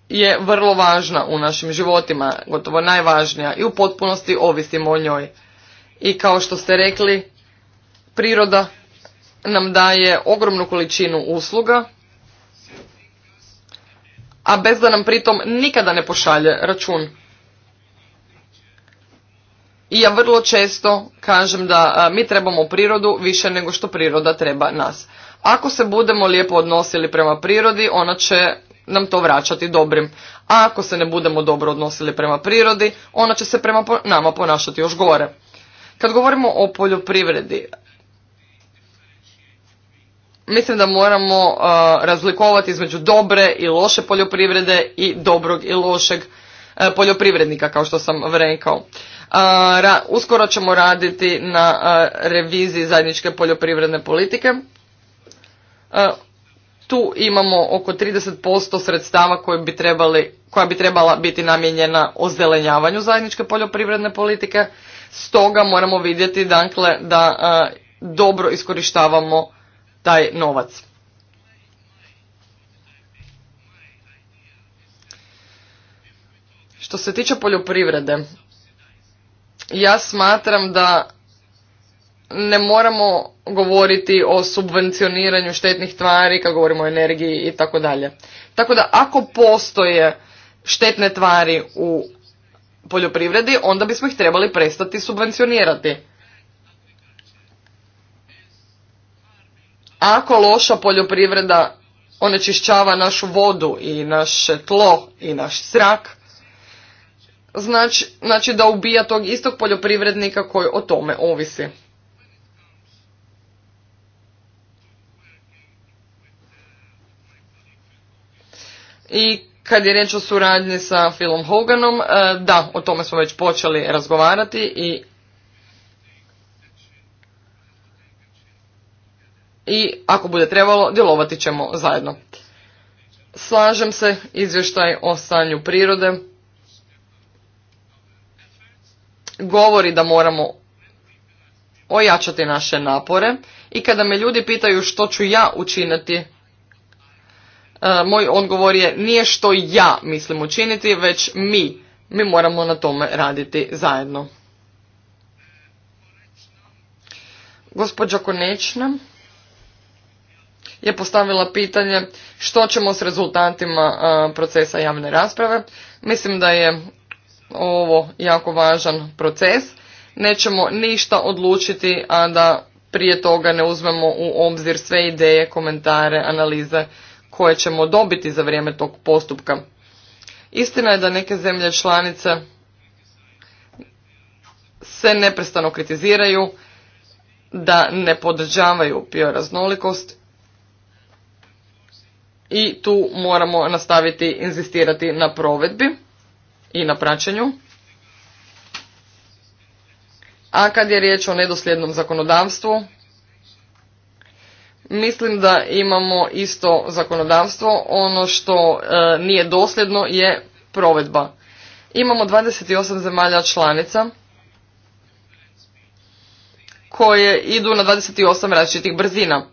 je vrlo važna u našim životima, gotovo najvažnija i u potpunosti ovisimo o njoj. I kao što ste rekli, priroda nam daje ogromnu količinu usluga, a bez da nam pritom nikada ne pošalje račun. I ja vrlo često kažem da mi trebamo prirodu više nego što priroda treba nas. Ako se budemo lijepo odnosili prema prirodi, ona će nam to vraćati dobrim. A ako se ne budemo dobro odnosili prema prirodi, ona će se prema nama ponašati još gore. Kad govorimo o poljoprivredi, mislim da moramo razlikovati između dobre i loše poljoprivrede i dobrog i lošeg poljoprivrednika, kao što sam rekao. uskoro ćemo raditi na reviziji zajedničke poljoprivredne politike tu imamo oko 30% sredstava koje bi trebali, koja bi trebala biti namijenjena ozelenjavanju zajedničke poljoprivredne politike. Stoga moramo vidjeti dakle, da e, dobro iskorištavamo taj novac. Što se tiče poljoprivrede, ja smatram da ne moramo govoriti o subvencioniranju štetnih tvari, kad govorimo o energiji i tako dalje. Tako da ako postoje štetne tvari u poljoprivredi, onda bismo ih trebali prestati subvencionirati. Ako loša poljoprivreda onečišćava našu vodu i naše tlo i naš zrak, znači, znači da ubija tog istog poljoprivrednika koji o tome ovisi. I kad je riječ o suradnji sa Philom Hoganom, e, da, o tome smo već počeli razgovarati i i ako bude trebalo, djelovati ćemo zajedno. Slažem se, izvještaj o stanju prirode govori da moramo ojačati naše napore i kada me ljudi pitaju što ću ja učiniti E, moj odgovor je nije što ja mislim učiniti, već mi. Mi moramo na tome raditi zajedno. Gospođa Konečna je postavila pitanje što ćemo s rezultatima e, procesa javne rasprave. Mislim da je ovo jako važan proces. Nećemo ništa odlučiti, a da prije toga ne uzmemo u obzir sve ideje, komentare, analize koje ćemo dobiti za vrijeme tog postupka. Istina je da neke zemlje članice se neprestano kritiziraju, da ne podržavaju bioraznolikost i tu moramo nastaviti inzistirati na provedbi i na praćenju. A kad je riječ o nedosljednom zakonodavstvu, Mislim da imamo isto zakonodavstvo. Ono što e, nije dosljedno je provedba. Imamo 28 zemalja članica koje idu na 28 različitih brzina.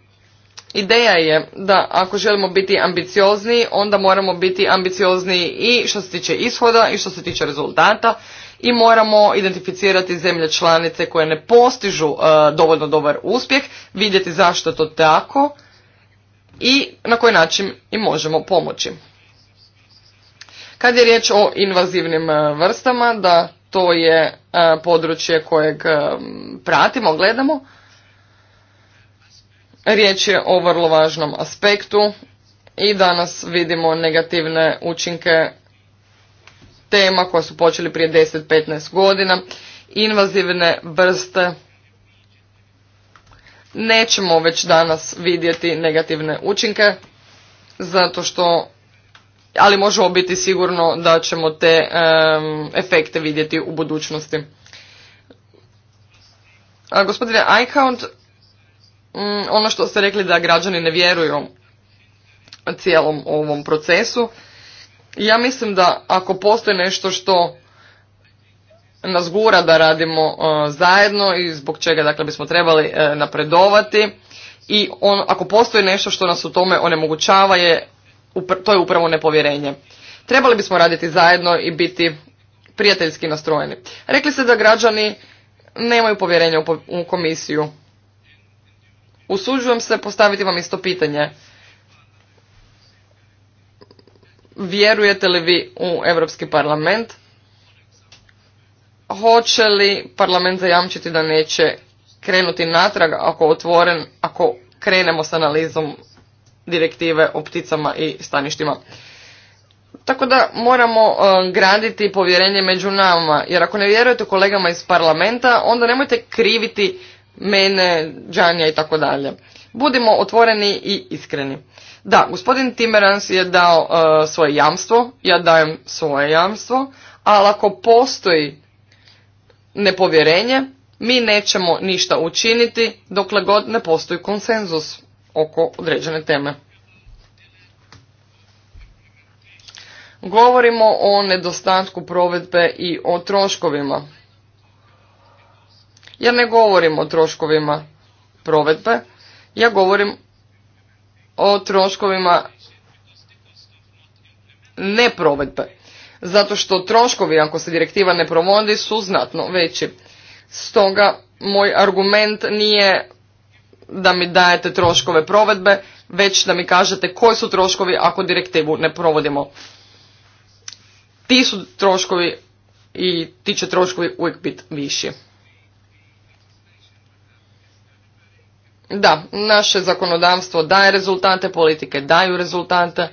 Ideja je da ako želimo biti ambiciozni, onda moramo biti ambiciozni i što se tiče ishoda i što se tiče rezultata i moramo identificirati zemlje članice koje ne postižu e, dovoljno dobar uspjeh, vidjeti zašto je to tako i na koji način im možemo pomoći. Kad je riječ o invazivnim e, vrstama, da to je e, područje kojeg pratimo, gledamo. Riječ je o vrlo važnom aspektu i danas vidimo negativne učinke tema koja su počeli prije 10-15 godina, invazivne vrste. Nećemo već danas vidjeti negativne učinke, zato što, ali možemo biti sigurno da ćemo te efekte vidjeti u budućnosti. A, gospodine Eichhound, mm, ono što ste rekli da građani ne vjeruju cijelom ovom procesu, ja mislim da ako postoji nešto što nas gura da radimo e, zajedno i zbog čega dakle bismo trebali e, napredovati i on, ako postoji nešto što nas u tome onemogućava je to je upravo nepovjerenje. Trebali bismo raditi zajedno i biti prijateljski nastrojeni. Rekli ste da građani nemaju povjerenja u komisiju. Usuđujem se postaviti vam isto pitanje. Vjerujete li vi u Europski parlament? Hoće li parlament zajamčiti da neće krenuti natrag ako otvoren, ako krenemo s analizom direktive o pticama i staništima? Tako da moramo e, graditi povjerenje među nama, jer ako ne vjerujete kolegama iz parlamenta, onda nemojte kriviti mene, Đanja i tako dalje. Budimo otvoreni i iskreni. Da, gospodin Timmerans je dao e, svoje jamstvo, ja dajem svoje jamstvo, ali ako postoji nepovjerenje, mi nećemo ništa učiniti dokle god ne postoji konsenzus oko određene teme. Govorimo o nedostatku provedbe i o troškovima. Ja ne govorim o troškovima provedbe, ja govorim o troškovima provedbe. Zato što troškovi, ako se direktiva ne provodi, su znatno veći. Stoga, moj argument nije da mi dajete troškove provedbe, već da mi kažete koji su troškovi ako direktivu ne provodimo. Ti su troškovi i ti će troškovi uvijek biti viši. Da, naše zakonodavstvo daje rezultate, politike daju rezultate,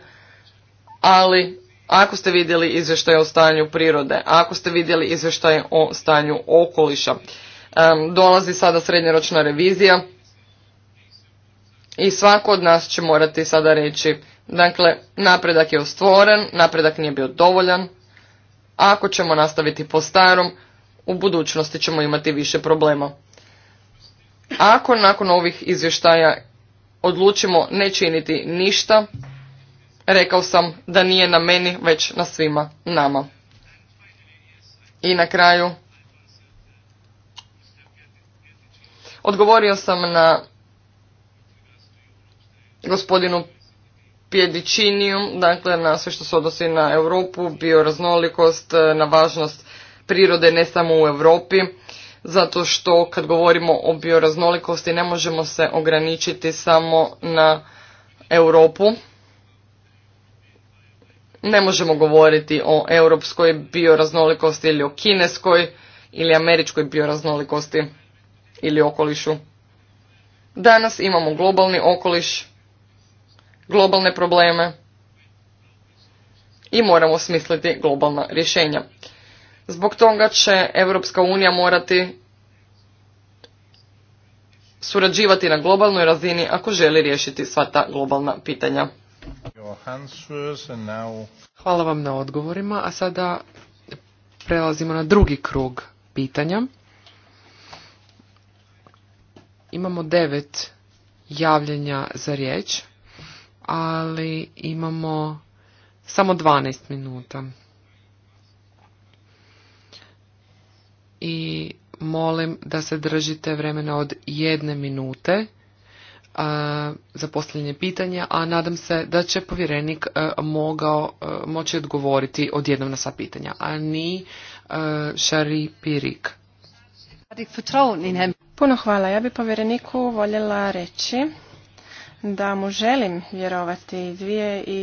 ali ako ste vidjeli izvještaje o stanju prirode, ako ste vidjeli izvještaje o stanju okoliša, dolazi sada srednjeročna revizija i svako od nas će morati sada reći, dakle, napredak je ostvoren, napredak nije bio dovoljan, ako ćemo nastaviti po starom, u budućnosti ćemo imati više problema. Ako nakon ovih izvještaja odlučimo ne činiti ništa, rekao sam da nije na meni, već na svima nama. I na kraju, odgovorio sam na gospodinu Pjedičiniju, dakle na sve što se odnosi na Europu, bioraznolikost, na važnost prirode ne samo u Europi, zato što kad govorimo o bioraznolikosti ne možemo se ograničiti samo na Europu. Ne možemo govoriti o europskoj bioraznolikosti ili o kineskoj ili američkoj bioraznolikosti ili okolišu. Danas imamo globalni okoliš, globalne probleme i moramo smisliti globalna rješenja. Zbog toga će Europska unija morati surađivati na globalnoj razini ako želi riješiti sva ta globalna pitanja. Hvala vam na odgovorima, a sada prelazimo na drugi krug pitanja. Imamo devet javljenja za riječ, ali imamo samo 12 minuta. i molim da se držite vremena od jedne minute za posljednje pitanje, a nadam se da će povjerenik e, mogao e, moći odgovoriti odjednom na sva pitanja. A ni Šari e, Pirik. Puno hvala. Ja bih povjereniku voljela reći da mu želim vjerovati.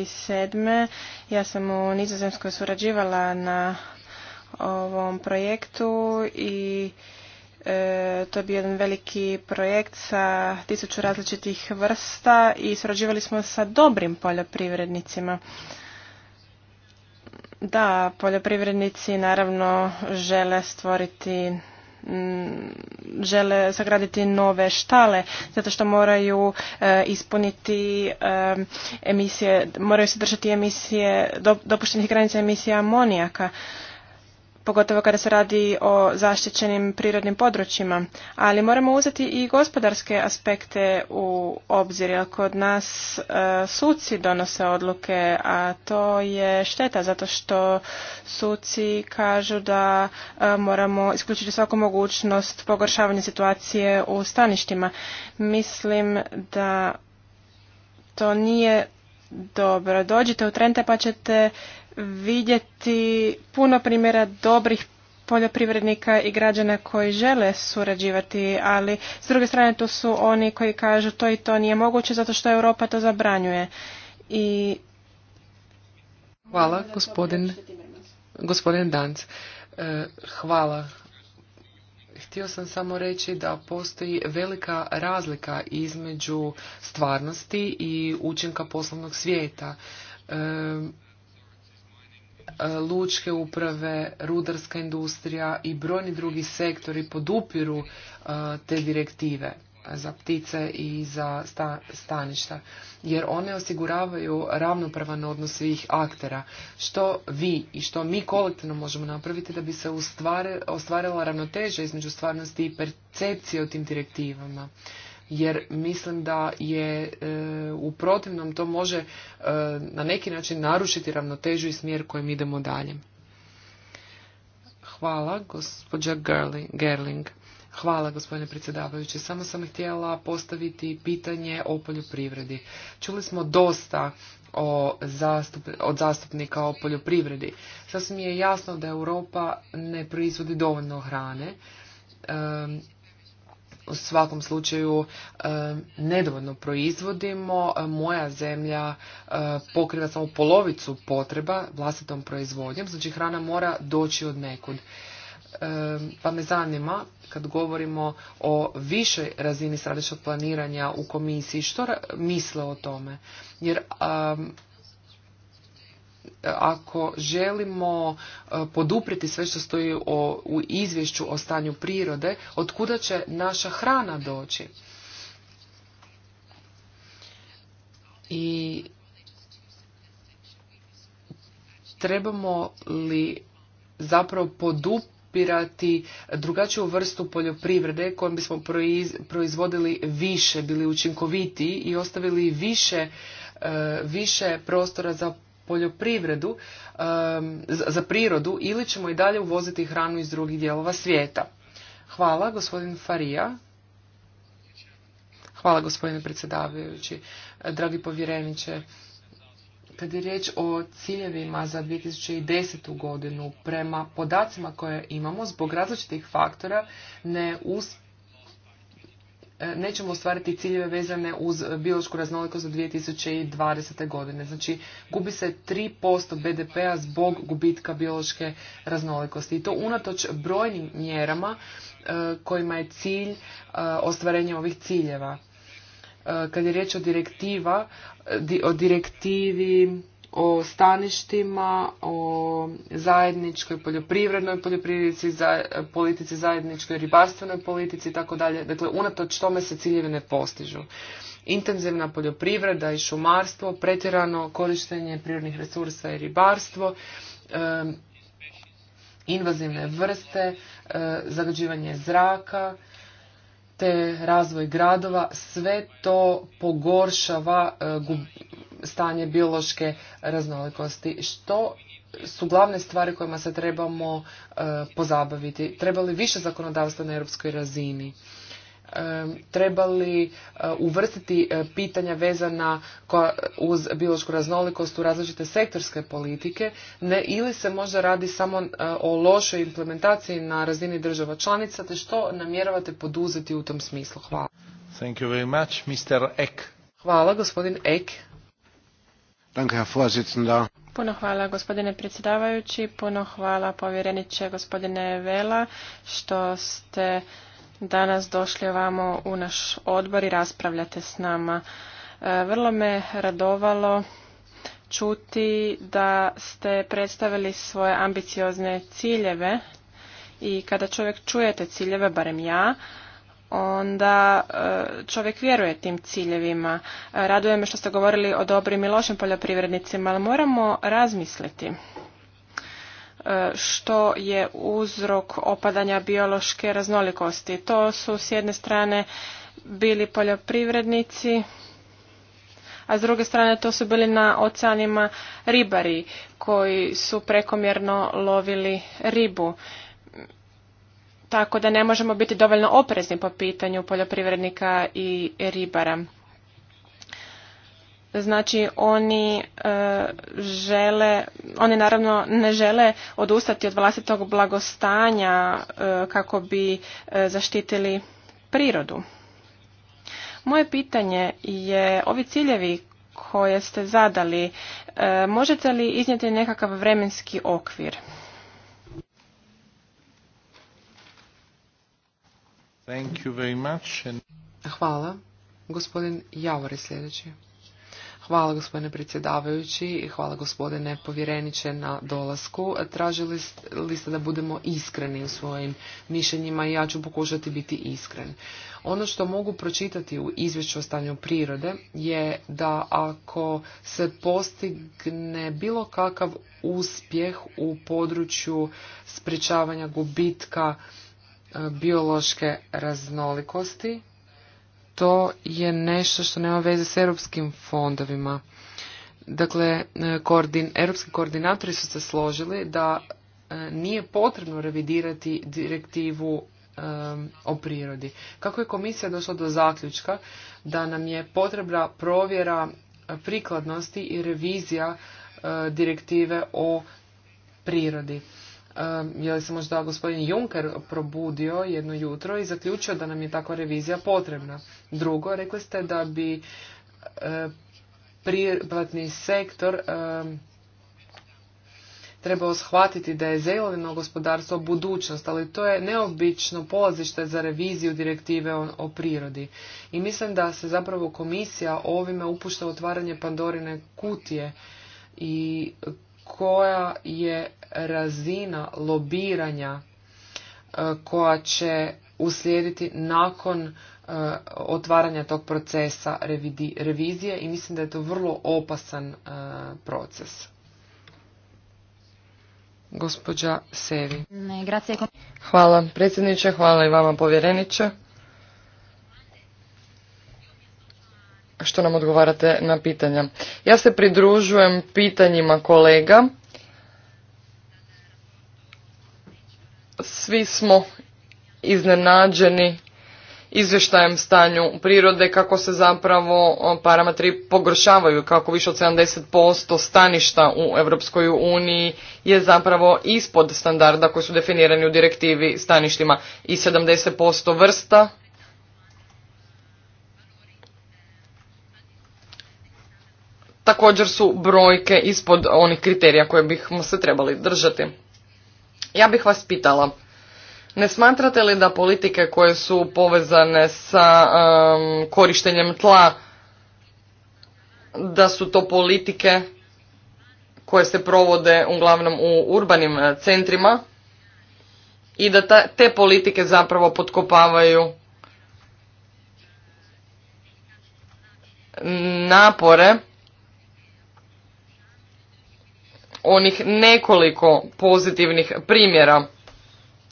sedme. ja sam u Nizozemskoj surađivala na ovom projektu i e, to je bio jedan veliki projekt sa tisuću različitih vrsta i surađivali smo sa dobrim poljoprivrednicima. Da, poljoprivrednici naravno žele stvoriti mm, žele sagraditi nove štale zato što moraju e, ispuniti e, emisije, moraju se držati emisije, dopuštenih granica emisija amonijaka pogotovo kada se radi o zaštićenim prirodnim područjima. Ali moramo uzeti i gospodarske aspekte u obzir, jer kod nas e, suci donose odluke, a to je šteta, zato što suci kažu da e, moramo isključiti svaku mogućnost pogoršavanja situacije u staništima. Mislim da to nije dobro. Dođite u Trente pa ćete vidjeti puno primjera dobrih poljoprivrednika i građana koji žele surađivati, ali s druge strane tu su oni koji kažu to i to nije moguće zato što Europa to zabranjuje. I... Hvala, gospodin, gospodin Danc. E, hvala. Htio sam samo reći da postoji velika razlika između stvarnosti i učinka poslovnog svijeta. E, E, lučke uprave, rudarska industrija i brojni drugi sektori podupiru e, te direktive e, za ptice i za staništa, jer one osiguravaju ravnopravan odnos svih aktera. Što vi i što mi kolektivno možemo napraviti da bi se ostvarila ravnoteža između stvarnosti i percepcije u tim direktivama jer mislim da je e, u protivnom to može e, na neki način narušiti ravnotežu i smjer kojim idemo dalje. Hvala, gospođa Gerling. Hvala, gospodine predsjedavajući. Samo sam htjela postaviti pitanje o poljoprivredi. Čuli smo dosta o od zastupnika o poljoprivredi. Sasvim je jasno da Europa ne proizvodi dovoljno hrane u svakom slučaju e, nedovoljno proizvodimo. Moja zemlja e, pokriva samo polovicu potreba vlastitom proizvodnjom, znači hrana mora doći od nekud. E, pa me zanima, kad govorimo o višoj razini strateškog planiranja u komisiji, što misle o tome? Jer ako želimo e, poduprijeti sve što stoji u izvješću o stanju prirode, od kuda će naša hrana doći? I trebamo li zapravo podupirati drugačiju vrstu poljoprivrede kojom bismo proizvodili više, bili učinkovitiji i ostavili više, e, više prostora za poljoprivredu, za prirodu ili ćemo i dalje uvoziti hranu iz drugih dijelova svijeta. Hvala, gospodin Farija. Hvala, gospodine predsjedavajući. Dragi povjereniče, kad je riječ o ciljevima za 2010. godinu, prema podacima koje imamo, zbog različitih faktora ne uspijemo E, nećemo ostvariti ciljeve vezane uz biološku raznolikost do 2020. godine. Znači, gubi se 3% BDP-a zbog gubitka biološke raznolikosti. I to unatoč brojnim mjerama e, kojima je cilj e, ostvarenje ovih ciljeva. Kad je riječ o direktiva, o direktivi o staništima, o zajedničkoj poljoprivrednoj poljoprivrednici, politici zajedničkoj ribarstvenoj politici i tako dalje. Dakle, unatoč tome se ciljevi ne postižu. Intenzivna poljoprivreda i šumarstvo, pretjerano korištenje prirodnih resursa i ribarstvo, invazivne vrste, zagađivanje zraka, te razvoj gradova, sve to pogoršava stanje biološke raznolikosti. Što su glavne stvari kojima se trebamo e, pozabaviti? Treba li više zakonodavstva na europskoj razini? E, treba li e, uvrstiti pitanja vezana uz biološku raznolikost u različite sektorske politike ne, ili se možda radi samo o lošoj implementaciji na razini država članica te što namjeravate poduzeti u tom smislu? Hvala. Thank you very much, Mr. Eck. Hvala, gospodin Ek. Puno hvala gospodine predsjedavajući, puno hvala povjereniče gospodine Vela što ste danas došli ovamo u naš odbor i raspravljate s nama. E, vrlo me radovalo čuti da ste predstavili svoje ambiciozne ciljeve i kada čovjek čuje te ciljeve, barem ja, onda e, čovjek vjeruje tim ciljevima. E, raduje me što ste govorili o dobrim i lošim poljoprivrednicima, ali moramo razmisliti e, što je uzrok opadanja biološke raznolikosti. To su s jedne strane bili poljoprivrednici, a s druge strane to su bili na oceanima ribari koji su prekomjerno lovili ribu tako da ne možemo biti dovoljno oprezni po pitanju poljoprivrednika i ribara. Znači oni e, žele, oni naravno ne žele odustati od vlastitog blagostanja e, kako bi e, zaštitili prirodu. Moje pitanje je ovi ciljevi koje ste zadali, možete li iznijeti nekakav vremenski okvir? Hvala. Gospodin Javor je sljedeći. Hvala gospodine predsjedavajući i hvala gospodine povjereniče na dolasku. Tražili ste da budemo iskreni u svojim mišljenjima i ja ću pokušati biti iskren. Ono što mogu pročitati u izvješću o stanju prirode je da ako se postigne bilo kakav uspjeh u području sprečavanja gubitka E, biološke raznolikosti, to je nešto što nema veze s europskim fondovima. Dakle, e, koordin, europski koordinatori su se složili da e, nije potrebno revidirati direktivu o prirodi. Kako je komisija došla do zaključka da nam je potrebna provjera prikladnosti i revizija direktive o prirodi? je li se možda gospodin Juncker probudio jedno jutro i zaključio da nam je takva revizija potrebna. Drugo, rekli ste da bi e, privatni sektor trebao shvatiti da je zeleno gospodarstvo budućnost, ali to je neobično polazište za reviziju direktive o, prirodi. I mislim da se zapravo komisija ovime upušta otvaranje Pandorine kutije i koja je razina lobiranja e, koja će uslijediti nakon e, otvaranja tog procesa revizije i mislim da je to vrlo opasan e, proces. Gospođa Sevi. Hvala predsjedniče, hvala i vama povjereniče. što nam odgovarate na pitanja. Ja se pridružujem pitanjima kolega. Svi smo iznenađeni izvještajem stanju prirode kako se zapravo parametri pogoršavaju, kako više od 70% staništa u Europskoj uniji je zapravo ispod standarda koji su definirani u direktivi staništima i 70% vrsta također su brojke ispod onih kriterija koje bismo se trebali držati. Ja bih vas pitala, ne smatrate li da politike koje su povezane sa korištenjem tla, da su to politike koje se provode uglavnom u urbanim e, centrima i da te politike zapravo potkopavaju napore onih nekoliko pozitivnih primjera.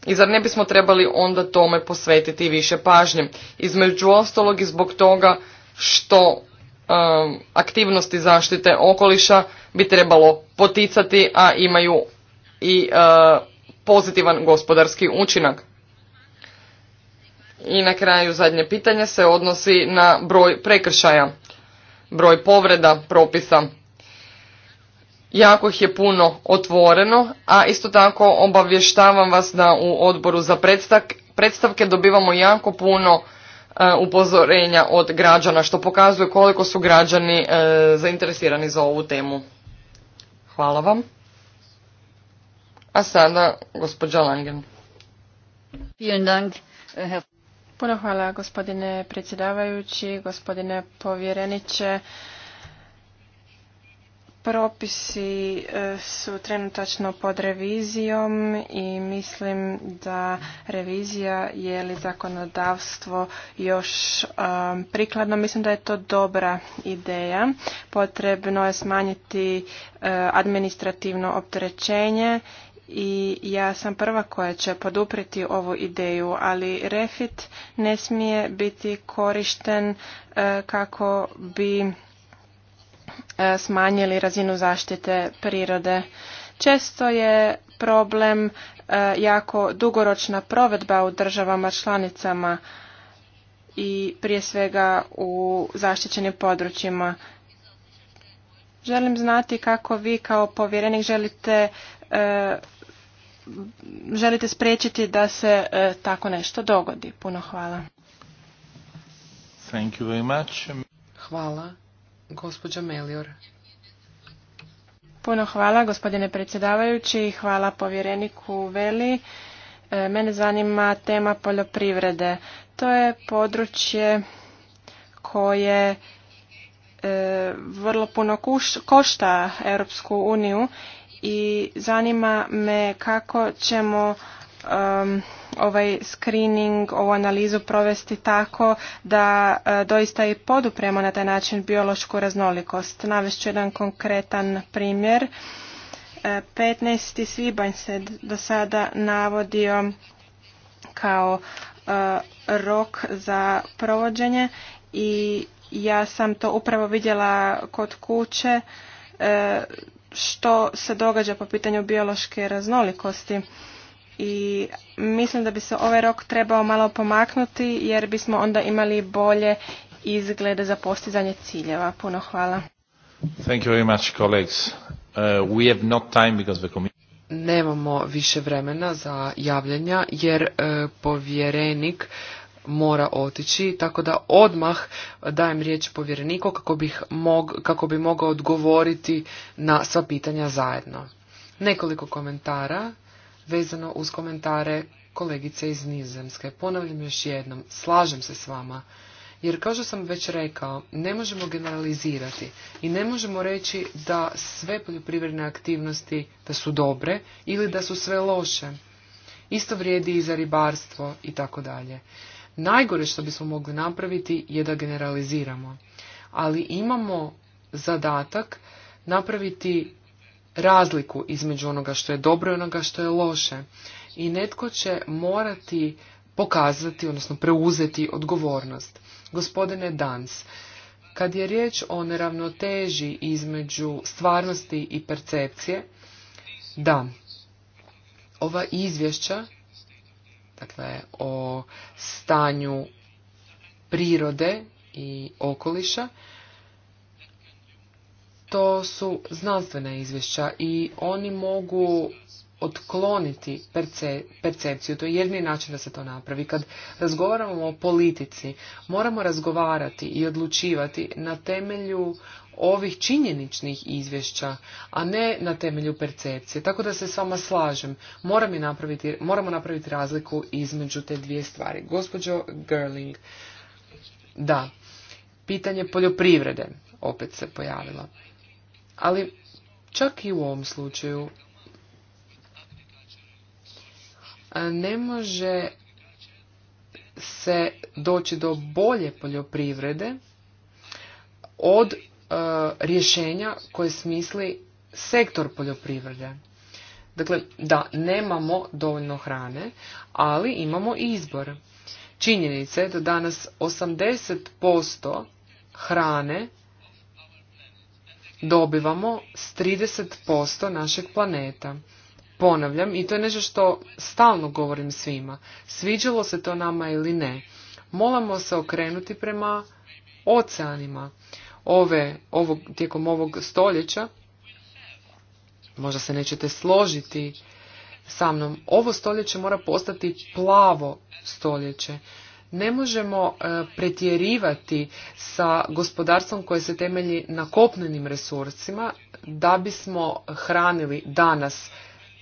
I zar ne bismo trebali onda tome posvetiti više pažnje? Između ostalog i zbog toga što um, aktivnosti zaštite okoliša bi trebalo poticati, a imaju i uh, pozitivan gospodarski učinak. I na kraju zadnje pitanje se odnosi na broj prekršaja, broj povreda propisa jako ih je puno otvoreno, a isto tako obavještavam vas da u odboru za predstavke dobivamo jako puno e, upozorenja od građana, što pokazuje koliko su građani e, zainteresirani za ovu temu. Hvala vam. A sada gospođa Langen. E, puno hvala gospodine predsjedavajući, gospodine povjereniče propisi e, su trenutačno pod revizijom i mislim da revizija je li zakonodavstvo još e, prikladno. Mislim da je to dobra ideja. Potrebno je smanjiti e, administrativno opterećenje i ja sam prva koja će poduprijeti ovu ideju, ali refit ne smije biti korišten kako bi E, smanjili razinu zaštite prirode. Često je problem e, jako dugoročna provedba u državama članicama i prije svega u zaštićenim područjima. Želim znati kako vi kao povjerenik želite e, želite spriječiti da se tako nešto dogodi. Puno hvala. Hvala. Gospođa Melior. Puno hvala gospodine predsjedavajući i hvala povjereniku Veli. E, mene zanima tema poljoprivrede. To je područje koje e, vrlo puno košta Europsku uniju i zanima me kako ćemo Um, ovaj screening, ovu analizu provesti tako da e, doista i podupremo na taj način biološku raznolikost. Navešću jedan konkretan primjer. 15. E, svibanj se do sada navodio kao e, rok za provođenje i ja sam to upravo vidjela kod kuće što se događa po pitanju biološke raznolikosti i mislim da bi se ovaj rok trebao malo pomaknuti jer bismo onda imali bolje izglede za postizanje ciljeva. Puno hvala. Thank you very much, colleagues. Uh, we have not time because the committee... Nemamo više vremena za javljanja jer uh, povjerenik mora otići, tako da odmah dajem riječ povjereniku kako, bih mog, kako bi mogao odgovoriti na sva pitanja zajedno. Nekoliko komentara vezano uz komentare kolegice iz Nizemske. Ponavljam još jednom, slažem se s vama. Jer kao što sam već rekao, ne možemo generalizirati i ne možemo reći da sve poljoprivredne aktivnosti da su dobre ili da su sve loše. Isto vrijedi i za ribarstvo i tako dalje. Najgore što bismo mogli napraviti je da generaliziramo, ali imamo zadatak napraviti razliku između onoga što je dobro i onoga što je loše. I netko će morati pokazati, odnosno preuzeti odgovornost. Gospodine Dans, kad je riječ o neravnoteži između stvarnosti i percepcije, da, ova izvješća, dakle o stanju prirode i okoliša, to su znanstvena izvješća i oni mogu otkloniti percepciju. To je jedni način da se to napravi. Kad razgovaramo o politici, moramo razgovarati i odlučivati na temelju ovih činjeničnih izvješća, a ne na temelju percepcije. Tako da se s vama slažem. Moram napraviti, moramo napraviti razliku između te dvije stvari. Gospođo Gerling, da, pitanje poljoprivrede opet se pojavilo. Ali čak i u ovom slučaju ne može se doći do bolje poljoprivrede od rješenja koje smisli sektor poljoprivrede. Dakle, da, nemamo dovoljno hrane, ali imamo izbor. Činjenica je da danas 80% hrane dobivamo s 30% našeg planeta. Ponavljam, i to je nešto što stalno govorim svima, sviđalo se to nama ili ne, molamo se okrenuti prema oceanima. Ove, ovog, tijekom ovog stoljeća, možda se nećete složiti sa mnom, ovo stoljeće mora postati plavo stoljeće. Ne možemo e, pretjerivati sa gospodarstvom koje se temelji na kopnenim resursima da bismo hranili danas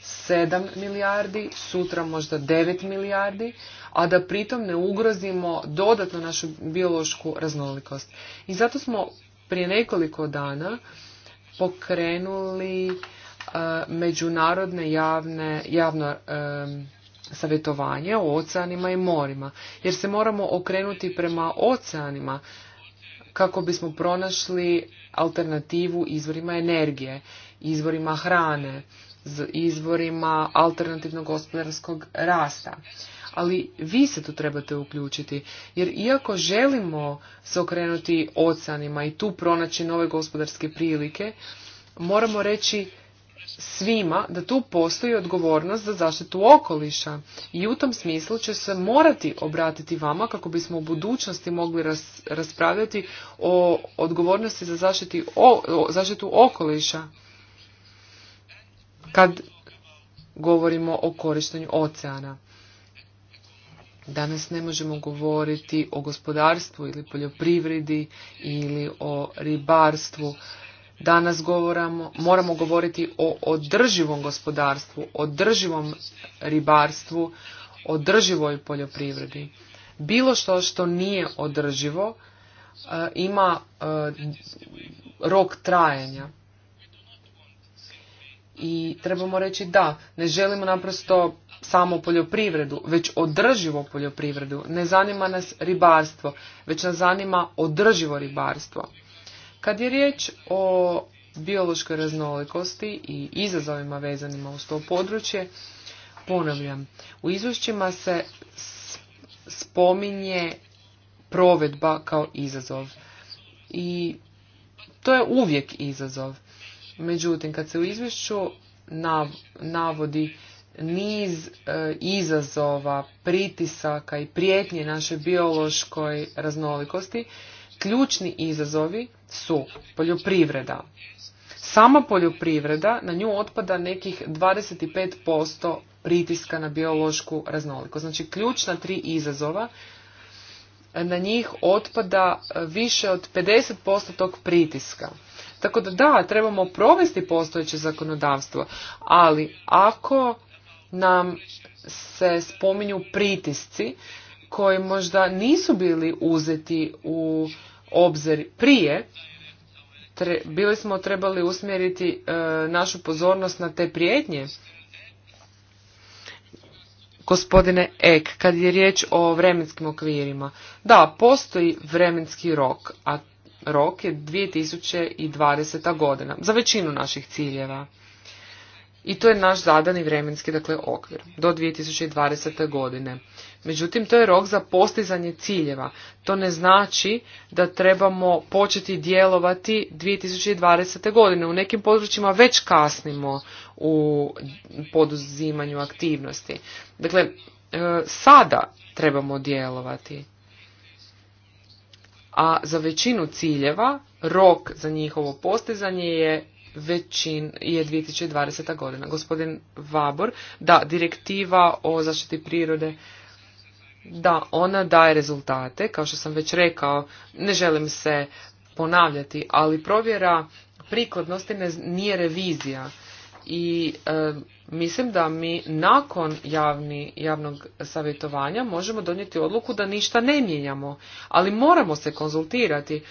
7 milijardi, sutra možda 9 milijardi, a da pritom ne ugrozimo dodatno našu biološku raznolikost. I zato smo prije nekoliko dana pokrenuli e, međunarodne javne, javno e, savjetovanje o oceanima i morima, jer se moramo okrenuti prema oceanima kako bismo pronašli alternativu izvorima energije, izvorima hrane, izvorima alternativnog gospodarskog rasta. Ali vi se tu trebate uključiti, jer iako želimo se okrenuti oceanima i tu pronaći nove gospodarske prilike, moramo reći svima da tu postoji odgovornost za zaštitu okoliša i u tom smislu će se morati obratiti vama kako bismo u budućnosti mogli raspravljati o odgovornosti za o, o, zaštitu okoliša kad govorimo o korištenju oceana. Danas ne možemo govoriti o gospodarstvu ili poljoprivredi ili o ribarstvu Danas govoramo, moramo govoriti o održivom gospodarstvu, održivom ribarstvu, održivoj poljoprivredi. Bilo što što nije održivo e, ima e, rok trajanja. I trebamo reći da, ne želimo naprosto samo poljoprivredu, već održivo poljoprivredu. Ne zanima nas ribarstvo, već nas zanima održivo ribarstvo. Kad je riječ o biološkoj raznolikosti i izazovima vezanima uz to područje, ponavljam, u izvješćima se spominje provedba kao izazov. I to je uvijek izazov. Međutim, kad se u izvješću navodi niz e, izazova, pritisaka i prijetnje naše biološkoj raznolikosti, ključni izazovi su poljoprivreda. Sama poljoprivreda, na nju otpada nekih 25% pritiska na biološku raznolikost. Znači, ključna tri izazova, na njih otpada više od 50% tog pritiska. Tako da da, trebamo provesti postojeće zakonodavstvo, ali ako nam se spominju pritisci koji možda nisu bili uzeti u obzir prije, bili smo trebali usmjeriti e, našu pozornost na te prijetnje. Gospodine Ek, kad je riječ o vremenskim okvirima, da, postoji vremenski rok, a rok je 2020. godina za većinu naših ciljeva i to je naš zadani vremenski dakle, okvir do 2020. godine. Međutim, to je rok za postizanje ciljeva. To ne znači da trebamo početi djelovati 2020. godine. U nekim područjima već kasnimo u poduzimanju aktivnosti. Dakle, e, sada trebamo djelovati. A za većinu ciljeva rok za njihovo postizanje je većin je 2020. godina. Gospodin Vabor, da, direktiva o zaštiti prirode, da, ona daje rezultate, kao što sam već rekao, ne želim se ponavljati, ali provjera prikladnosti nije revizija i e, mislim da mi nakon javni, javnog savjetovanja možemo donijeti odluku da ništa ne mijenjamo ali moramo se konzultirati e,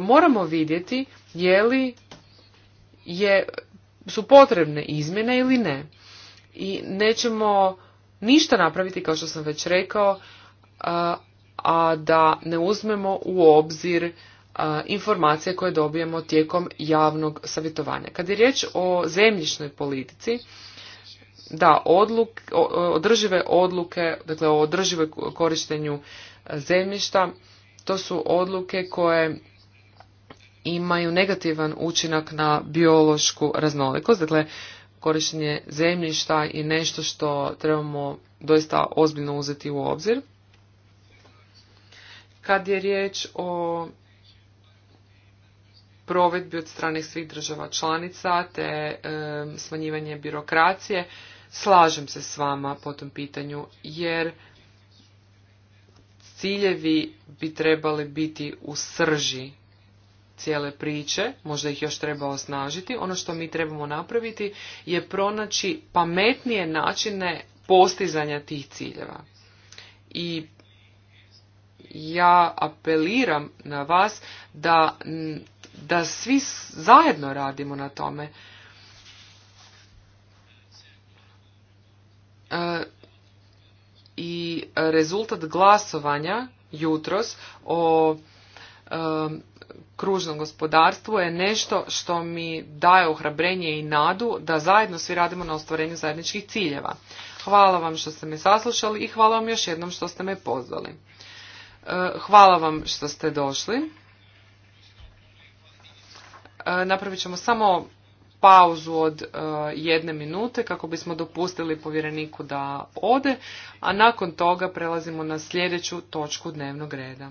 moramo vidjeti je li je, su potrebne izmjene ili ne. I nećemo ništa napraviti, kao što sam već rekao, a, da ne uzmemo u obzir informacije koje dobijemo tijekom javnog savjetovanja. Kad je riječ o zemljišnoj politici, da, odluk, održive odluke, dakle o održive korištenju e, zemljišta, to su odluke koje imaju negativan učinak na biološku raznolikost. Dakle, korištenje zemljišta je nešto što trebamo doista ozbiljno uzeti u obzir. Kad je riječ o provedbi od strane svih država članica te smanjivanje birokracije, slažem se s vama po tom pitanju jer ciljevi bi trebali biti u srži cijele priče, možda ih još treba osnažiti. Ono što mi trebamo napraviti je pronaći pametnije načine postizanja tih ciljeva. I ja apeliram na vas da, da svi zajedno radimo na tome. E, I rezultat glasovanja jutros o e, kružnom gospodarstvu je nešto što mi daje ohrabrenje i nadu da zajedno svi radimo na ostvarenju zajedničkih ciljeva. Hvala vam što ste me saslušali i hvala vam još jednom što ste me pozvali. E, hvala vam što ste došli. E, napravit ćemo samo pauzu od e, jedne minute kako bismo dopustili povjereniku da ode, a nakon toga prelazimo na sljedeću točku dnevnog reda.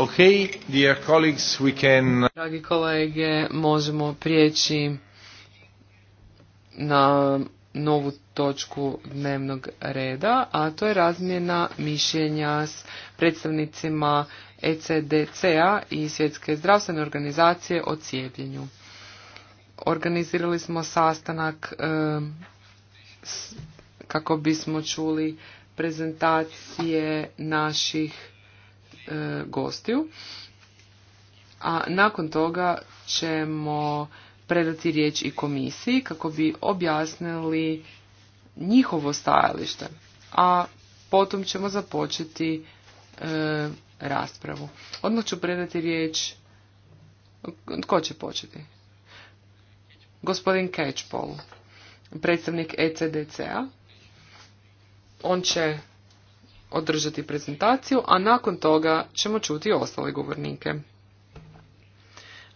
Okay, dear colleagues, we can... Dragi kolege, možemo prijeći na novu točku dnevnog reda, a to je razmjena mišljenja s predstavnicima ECDC-a i Svjetske zdravstvene organizacije o cijepljenju. Organizirali smo sastanak eh, s, kako bismo čuli prezentacije naših E, gostiju. A nakon toga ćemo predati riječ i komisiji kako bi objasnili njihovo stajalište. A potom ćemo započeti e, raspravu. Odmah ću predati riječ. Tko će početi? Gospodin Catchpole, predstavnik ECDC-a. On će održati prezentaciju, a nakon toga ćemo čuti ostale govornike.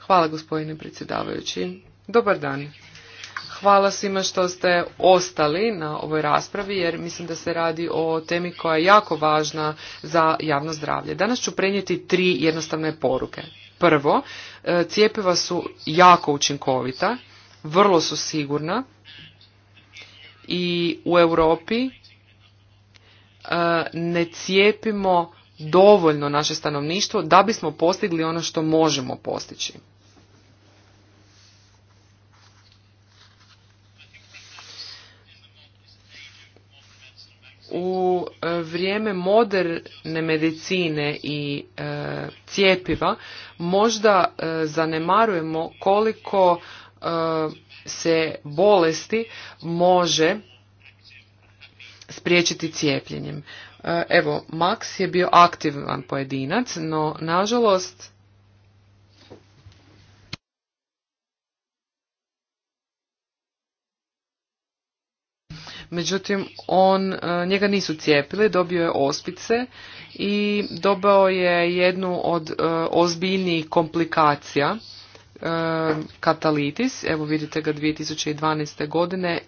Hvala gospodine predsjedavajući. Dobar dan. Hvala svima što ste ostali na ovoj raspravi jer mislim da se radi o temi koja je jako važna za javno zdravlje. Danas ću prenijeti tri jednostavne poruke. Prvo, e, cijepiva su jako učinkovita, vrlo su sigurna i u Europi E, ne cijepimo dovoljno naše stanovništvo da bismo postigli ono što možemo postići. U e, vrijeme moderne medicine i e, cijepiva možda e, zanemarujemo koliko se bolesti može spriječiti cijepljenjem. E, evo, Max je bio aktivan pojedinac, no nažalost Međutim, on, e, njega nisu cijepili, dobio je ospice i dobao je jednu od e, ozbiljnijih komplikacija, katalitis, evo vidite ga 2012. godine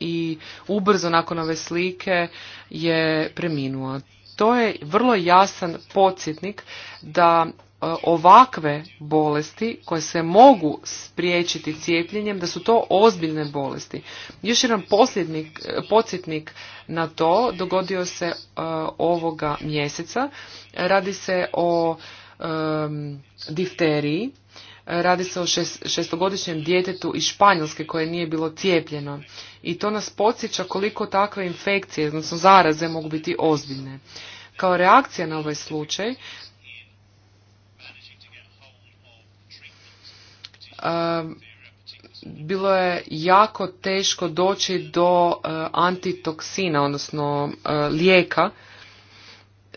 i ubrzo nakon ove slike je preminuo. To je vrlo jasan podsjetnik da e, ovakve bolesti koje se mogu spriječiti cijepljenjem, da su to ozbiljne bolesti. Još jedan e, podsjetnik na to dogodio se e, ovoga mjeseca. Radi se o difteriji Radi se o šestogodišnjem djetetu iz Španjolske koje nije bilo cijepljeno. I to nas podsjeća koliko takve infekcije, odnosno zaraze, mogu biti ozbiljne. Kao reakcija na ovaj slučaj, um, bilo je jako teško doći do uh, antitoksina, odnosno uh, lijeka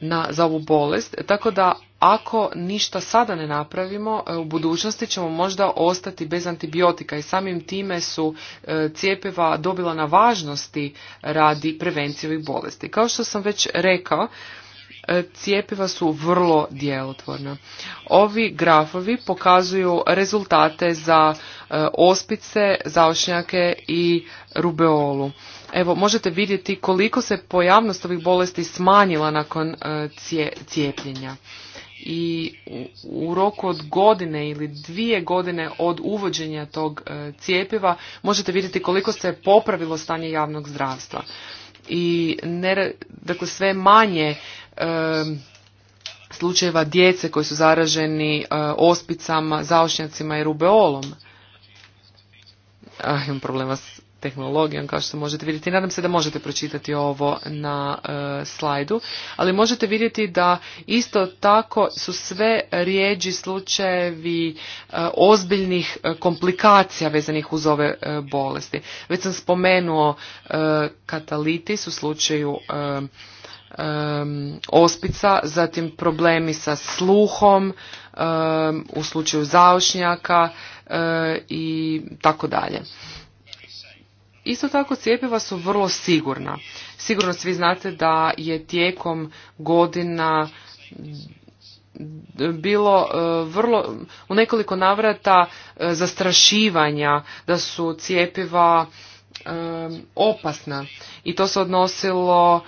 na, za ovu bolest, tako da ako ništa sada ne napravimo, e, u budućnosti ćemo možda ostati bez antibiotika i samim time su e, cijepiva dobila na važnosti radi prevencije ovih bolesti. Kao što sam već rekao, e, cijepiva su vrlo djelotvorna. Ovi grafovi pokazuju rezultate za ospice, zaošnjake i rubeolu. Evo, možete vidjeti koliko se pojavnost ovih bolesti smanjila nakon cijepljenja i u roku od godine ili dvije godine od uvođenja tog e, cijepiva možete vidjeti koliko se popravilo stanje javnog zdravstva. I dakle, sve manje e, slučajeva djece koji su zaraženi e, ospicama, zaošnjacima i rubeolom. Ah, imam problema s tehnologijom kao što možete vidjeti. Nadam se da možete pročitati ovo na e, slajdu, ali možete vidjeti da isto tako su sve rijeđi slučajevi e, ozbiljnih e, komplikacija vezanih uz ove bolesti. Već sam spomenuo katalitis u slučaju ospica, zatim problemi sa sluhom u slučaju zaošnjaka i tako dalje. Isto tako cijepiva su vrlo sigurna. Sigurno svi znate da je tijekom godina bilo e, vrlo u nekoliko navrata e, zastrašivanja da su cijepiva e, opasna i to se odnosilo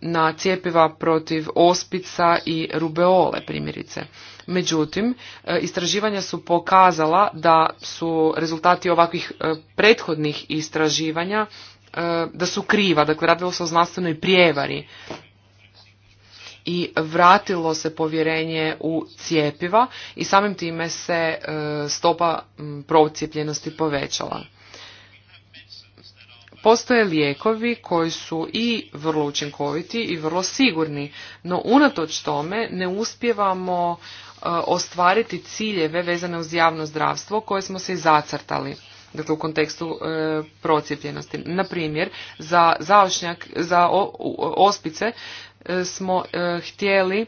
na cijepiva protiv ospica i rubeole primjerice. Međutim, e, istraživanja su pokazala da su rezultati ovakvih e, prethodnih istraživanja e, da su kriva, dakle radilo se o znanstvenoj prijevari i vratilo se povjerenje u cijepiva i samim time se stopa procijepljenosti povećala. Postoje lijekovi koji su i vrlo učinkoviti i vrlo sigurni, no unatoč tome ne uspijevamo ostvariti ciljeve vezane uz javno zdravstvo koje smo se i zacrtali dakle u kontekstu e, procijepljenosti. Na primjer, za za ospice e, smo e, htjeli e,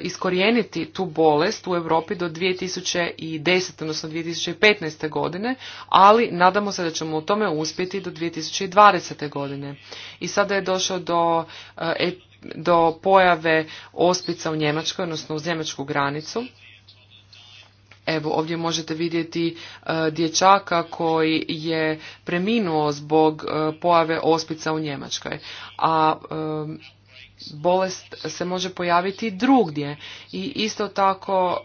iskorijeniti tu bolest u Europi do 2010. odnosno 2015. godine, ali nadamo se da ćemo u tome uspjeti do 2020. godine. I sada je došao do e do pojave ospica u Njemačkoj, odnosno uz njemačku granicu. Evo, ovdje možete vidjeti e, dječaka koji je preminuo zbog e, pojave ospica u Njemačkoj. A e, bolest se može pojaviti drugdje. I isto tako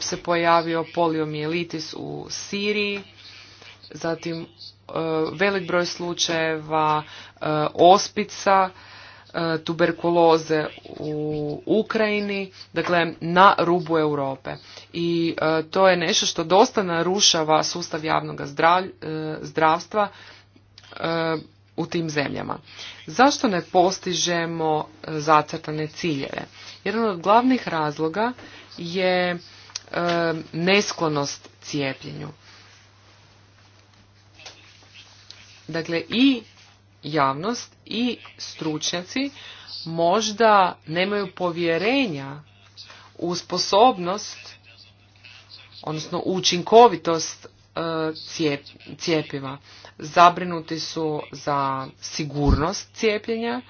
se pojavio poliomijelitis u Siriji, zatim velik broj slučajeva ospica, E, tuberkuloze u Ukrajini, dakle na rubu Europe. I e, to je nešto što dosta narušava sustav javnog e, zdravstva u tim zemljama. Zašto ne postižemo zacrtane ciljeve? Jedan od glavnih razloga je nesklonost cijepljenju. Dakle, i javnost i stručnjaci možda nemaju povjerenja u sposobnost, odnosno učinkovitost e, cijepiva. Zabrinuti su za sigurnost cijepljenja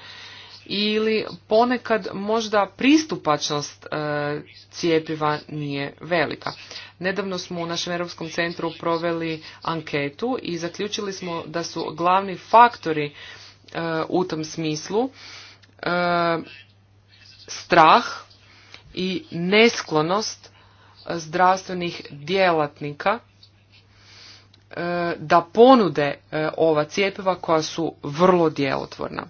ili ponekad možda pristupačnost e, cijepiva nije velika. Nedavno smo u našem Europskom centru proveli anketu i zaključili smo da su glavni faktori e, u tom smislu e, strah i nesklonost zdravstvenih djelatnika e, da ponude ova cijepiva koja su vrlo djelotvorna.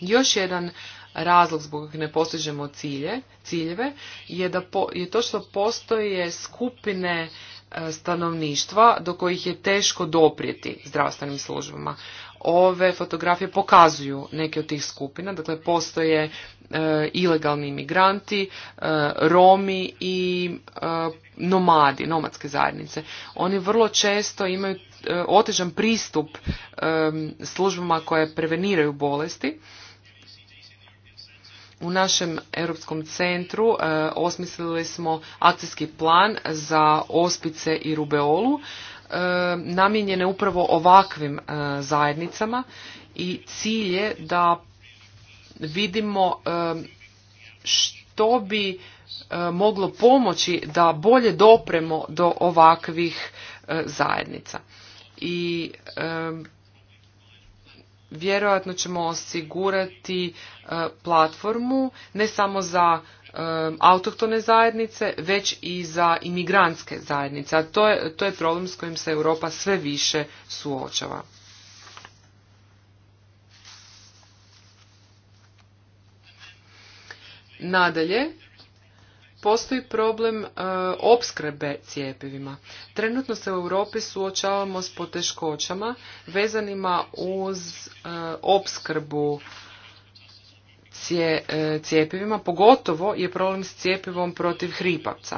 Još jedan razlog zbog kojeg ne postižemo cilje, ciljeve je, da je to što postoje skupine e, stanovništva do kojih je teško doprijeti zdravstvenim službama. Ove fotografije pokazuju neke od tih skupina, dakle postoje e, ilegalni imigranti, e, Romi i nomadi, nomadske zajednice. Oni vrlo često imaju otežan pristup službama koje preveniraju bolesti u našem Europskom centru e, osmislili smo akcijski plan za ospice i rubeolu e, namijenjene upravo ovakvim e, zajednicama i cilj je da vidimo e, što bi moglo pomoći da bolje dopremo do ovakvih zajednica. I vjerojatno ćemo osigurati e, platformu ne samo za e, autohtone zajednice, već i za imigrantske zajednice. A to je, to je problem s kojim se Europa sve više suočava. Nadalje, postoji problem e, opskrbe cijepivima. Trenutno se u Europi suočavamo s poteškoćama vezanima uz e, opskrbu e, cijepivima, pogotovo je problem s cijepivom protiv hripavca.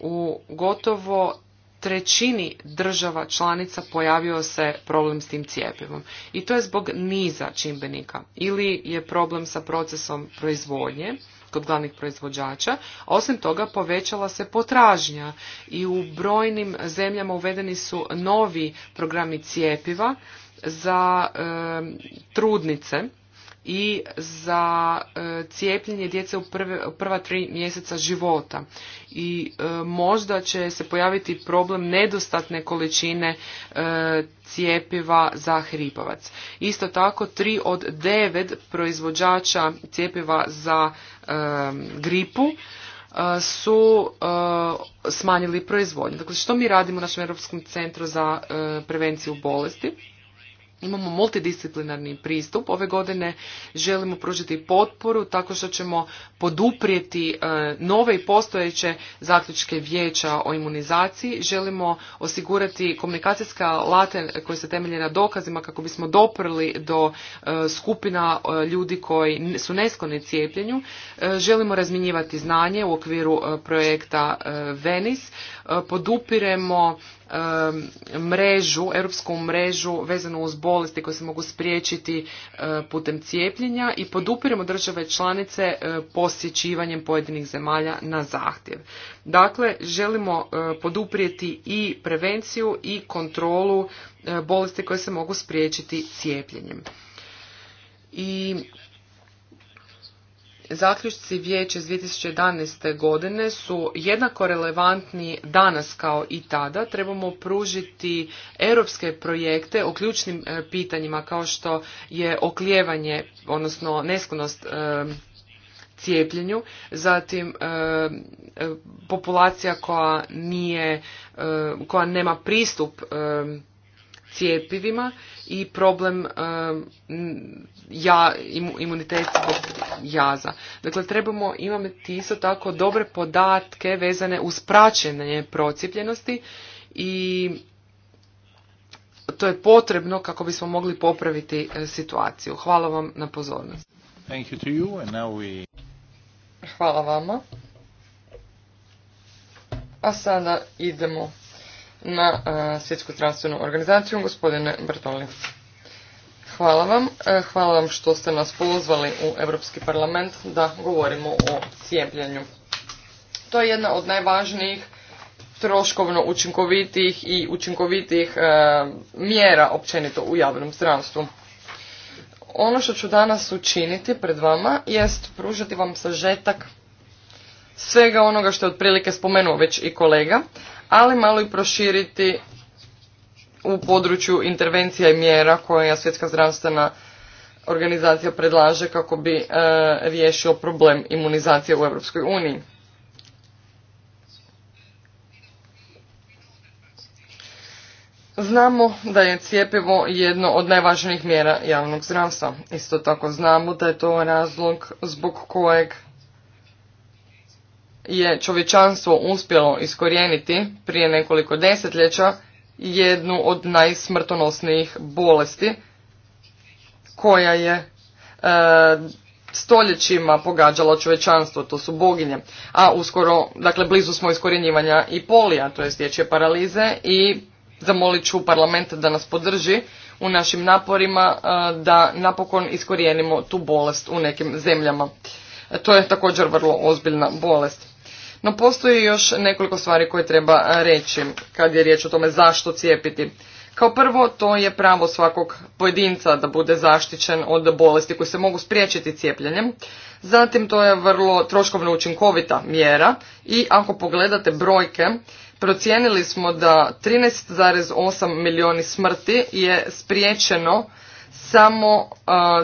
U gotovo trećini država članica pojavio se problem s tim cijepivom. I to je zbog niza čimbenika. Ili je problem sa procesom proizvodnje, kod glavnih proizvođača. Osim toga povećala se potražnja i u brojnim zemljama uvedeni su novi programi cijepiva za e, trudnice i za e, cijepljenje djece u prva tri mjeseca života. I e, možda će se pojaviti problem nedostatne količine e, cijepiva za hripovac. Isto tako, tri od devet proizvođača cijepiva za gripu su smanjili proizvodnju. Dakle, što mi radimo u našem Europskom centru za prevenciju bolesti? Imamo multidisciplinarni pristup. Ove godine želimo pružiti potporu tako što ćemo poduprijeti e, nove i postojeće zaključke vijeća o imunizaciji. Želimo osigurati komunikacijska late koji se temelje na dokazima kako bismo doprli do e, skupina e, ljudi koji su neskloni cijepljenju. Želimo razminjivati znanje u okviru projekta Venis. Podupiremo Um, mrežu, europsku mrežu vezanu uz bolesti koje se mogu spriječiti uh, putem cijepljenja i podupiremo države članice uh, posjećivanjem pojedinih zemalja na zahtjev. Dakle, želimo uh, poduprijeti i prevenciju i kontrolu bolesti koje se mogu spriječiti cijepljenjem. I zaključci vijeća iz 2011. godine su jednako relevantni danas kao i tada. Trebamo pružiti europske projekte o ključnim e, pitanjima kao što je oklijevanje, odnosno nesklonost e, cijepljenju, zatim e, populacija koja nije, koja nema pristup cijepivima i problem ja, imunitet jaza. Dakle, trebamo imati isto tako dobre podatke vezane uz praćenje procijepljenosti i to je potrebno kako bismo mogli popraviti e, situaciju. Hvala vam na pozornost. Thank Hvala vama. A sada idemo na e, Svjetsku zdravstvenu organizaciju, gospodine Bertoli. Hvala vam. E, hvala vam što ste nas pozvali u Europski parlament da govorimo o cijepljenju. To je jedna od najvažnijih troškovno učinkovitih i učinkovitih e, mjera općenito u javnom zdravstvu. Ono što ću danas učiniti pred vama jest pružati vam sažetak svega onoga što je otprilike spomenuo već i kolega, ali malo i proširiti u području intervencija i mjera koje Svjetska zdravstvena organizacija predlaže kako bi e, riješio problem imunizacije u Europskoj uniji. Znamo da je cijepivo jedno od najvažnijih mjera javnog zdravstva. Isto tako znamo da je to razlog zbog kojeg je čovječanstvo uspjelo iskorijeniti prije nekoliko desetljeća jednu od najsmrtonosnijih bolesti koja je e, stoljećima pogađala čovječanstvo, to su boginje. A uskoro, dakle blizu smo iskorjenjivanja i polija, to je stječje paralize i zamolit ću parlament da nas podrži u našim naporima e, da napokon iskorijenimo tu bolest u nekim zemljama. E, to je također vrlo ozbiljna bolest. No postoji još nekoliko stvari koje treba reći kad je riječ o tome zašto cijepiti. Kao prvo, to je pravo svakog pojedinca da bude zaštićen od bolesti koje se mogu spriječiti cijepljenjem. Zatim, to je vrlo troškovno učinkovita mjera i ako pogledate brojke, procijenili smo da 13,8 milijoni smrti je spriječeno samo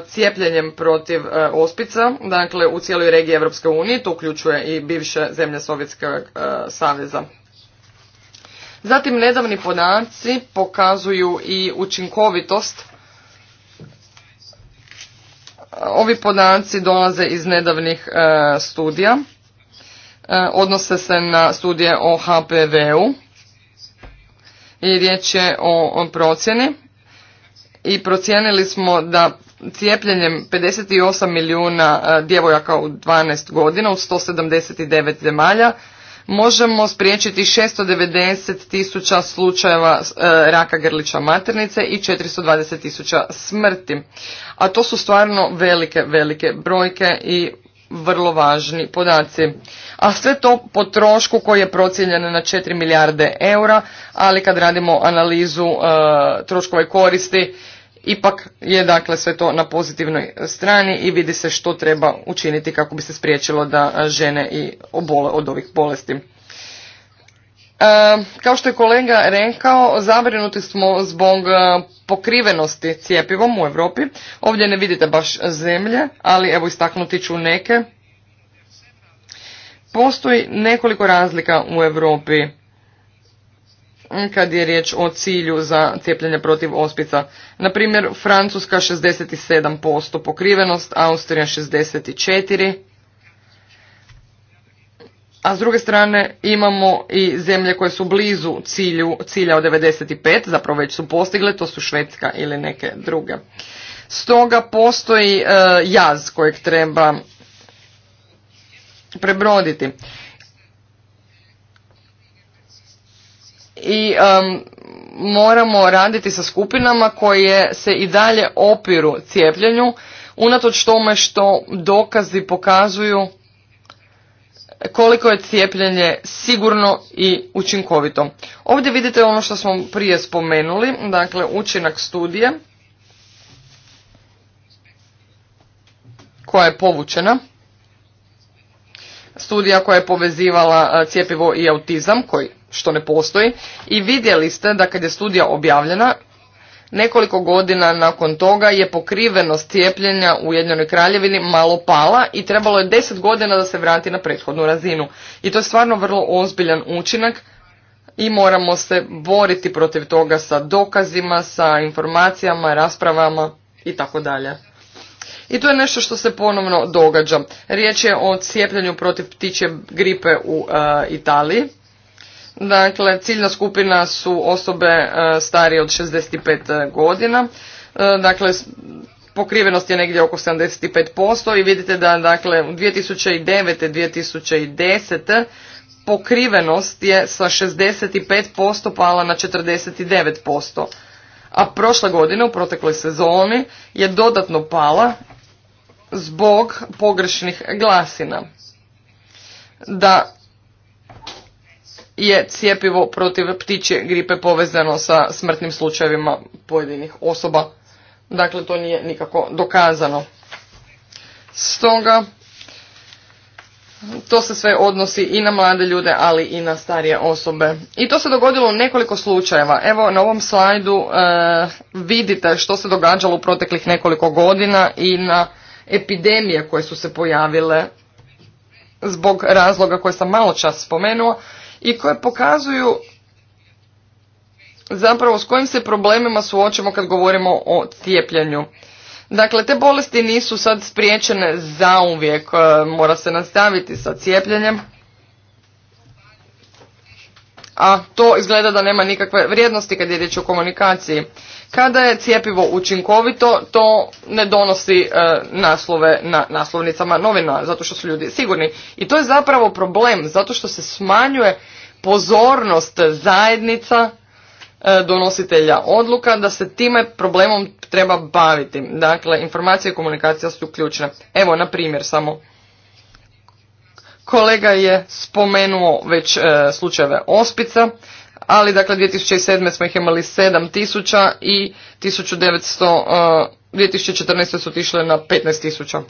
cijepljenjem protiv ospica, dakle u cijeloj regiji Europske unije, to uključuje i bivše zemlje Sovjetskog saveza. Zatim nedavni podaci pokazuju i učinkovitost. Ovi podaci dolaze iz nedavnih studija. Odnose se na studije o HPV-u i riječ je o procjeni i procijenili smo da cijepljenjem 58 milijuna e, djevojaka u 12 godina u 179 zemalja možemo spriječiti 690 tisuća slučajeva e, raka grlića maternice i 420 tisuća smrti. A to su stvarno velike, velike brojke i vrlo važni podaci. A sve to po trošku koji je procijenjen na 4 milijarde eura, ali kad radimo analizu e, troškove koristi, Ipak je dakle sve to na pozitivnoj strani i vidi se što treba učiniti kako bi se spriječilo da e, žene i obole od ovih bolesti. E, kao što je kolega rekao, zabrinuti smo zbog e, pokrivenosti cijepivom u Europi. Ovdje ne vidite baš zemlje, ali evo istaknuti ću neke. Postoji nekoliko razlika u Europi kad je riječ o cilju za cijepljenje protiv ospica. Na primjer, Francuska 67% pokrivenost, Austrija 64%, a s druge strane imamo i zemlje koje su blizu cilju, cilja od 95, zapravo već su postigle, to su Švedska ili neke druge. Stoga postoji e, jaz kojeg treba prebroditi. i moramo raditi sa skupinama koje se i dalje opiru cijepljenju unatoč tome što dokazi pokazuju koliko je cijepljenje sigurno i učinkovito. Ovdje vidite ono što smo prije spomenuli, dakle učinak studije koja je povučena. Studija koja je povezivala e, cijepivo i autizam, koji što ne postoji i vidjeli ste da kad je studija objavljena nekoliko godina nakon toga je pokrivenost cijepljenja u jednoj Kraljevini malo pala i trebalo je 10 godina da se vrati na prethodnu razinu. I to je stvarno vrlo ozbiljan učinak i moramo se boriti protiv toga sa dokazima, sa informacijama, raspravama i tako dalje. I to je nešto što se ponovno događa. Riječ je o cijepljenju protiv ptičje gripe u e, Italiji Dakle, ciljna skupina su osobe e, starije od 65 godina. E, dakle, pokrivenost je negdje oko 75% i vidite da dakle, 2009. 2010. pokrivenost je sa 65% pala na 49%. A prošla godina, u protekloj sezoni, je dodatno pala zbog pogrešnih glasina. Da je cijepivo protiv ptičje gripe povezano sa smrtnim slučajevima pojedinih osoba. Dakle, to nije nikako dokazano. Stoga, to se sve odnosi i na mlade ljude, ali i na starije osobe. I to se dogodilo u nekoliko slučajeva. Evo na ovom slajdu e, vidite što se događalo u proteklih nekoliko godina i na epidemije koje su se pojavile zbog razloga koje sam malo čas spomenuo, i koje pokazuju zapravo s kojim se problemima suočimo kad govorimo o cijepljenju. Dakle, te bolesti nisu sad spriječene zauvijek, e, mora se nastaviti sa cijepljenjem a to izgleda da nema nikakve vrijednosti kad je riječ o komunikaciji. Kada je cijepivo učinkovito, to ne donosi e, naslove na naslovnicama novina, zato što su ljudi sigurni. I to je zapravo problem, zato što se smanjuje pozornost zajednica e, donositelja odluka da se time problemom treba baviti. Dakle, informacija i komunikacija su ključne. Evo, na primjer samo. Kolega je spomenuo već e, slučajeve ospica, ali dakle 2007. smo ih imali 7000 i 1900, e, 2014. su otišle na 15000.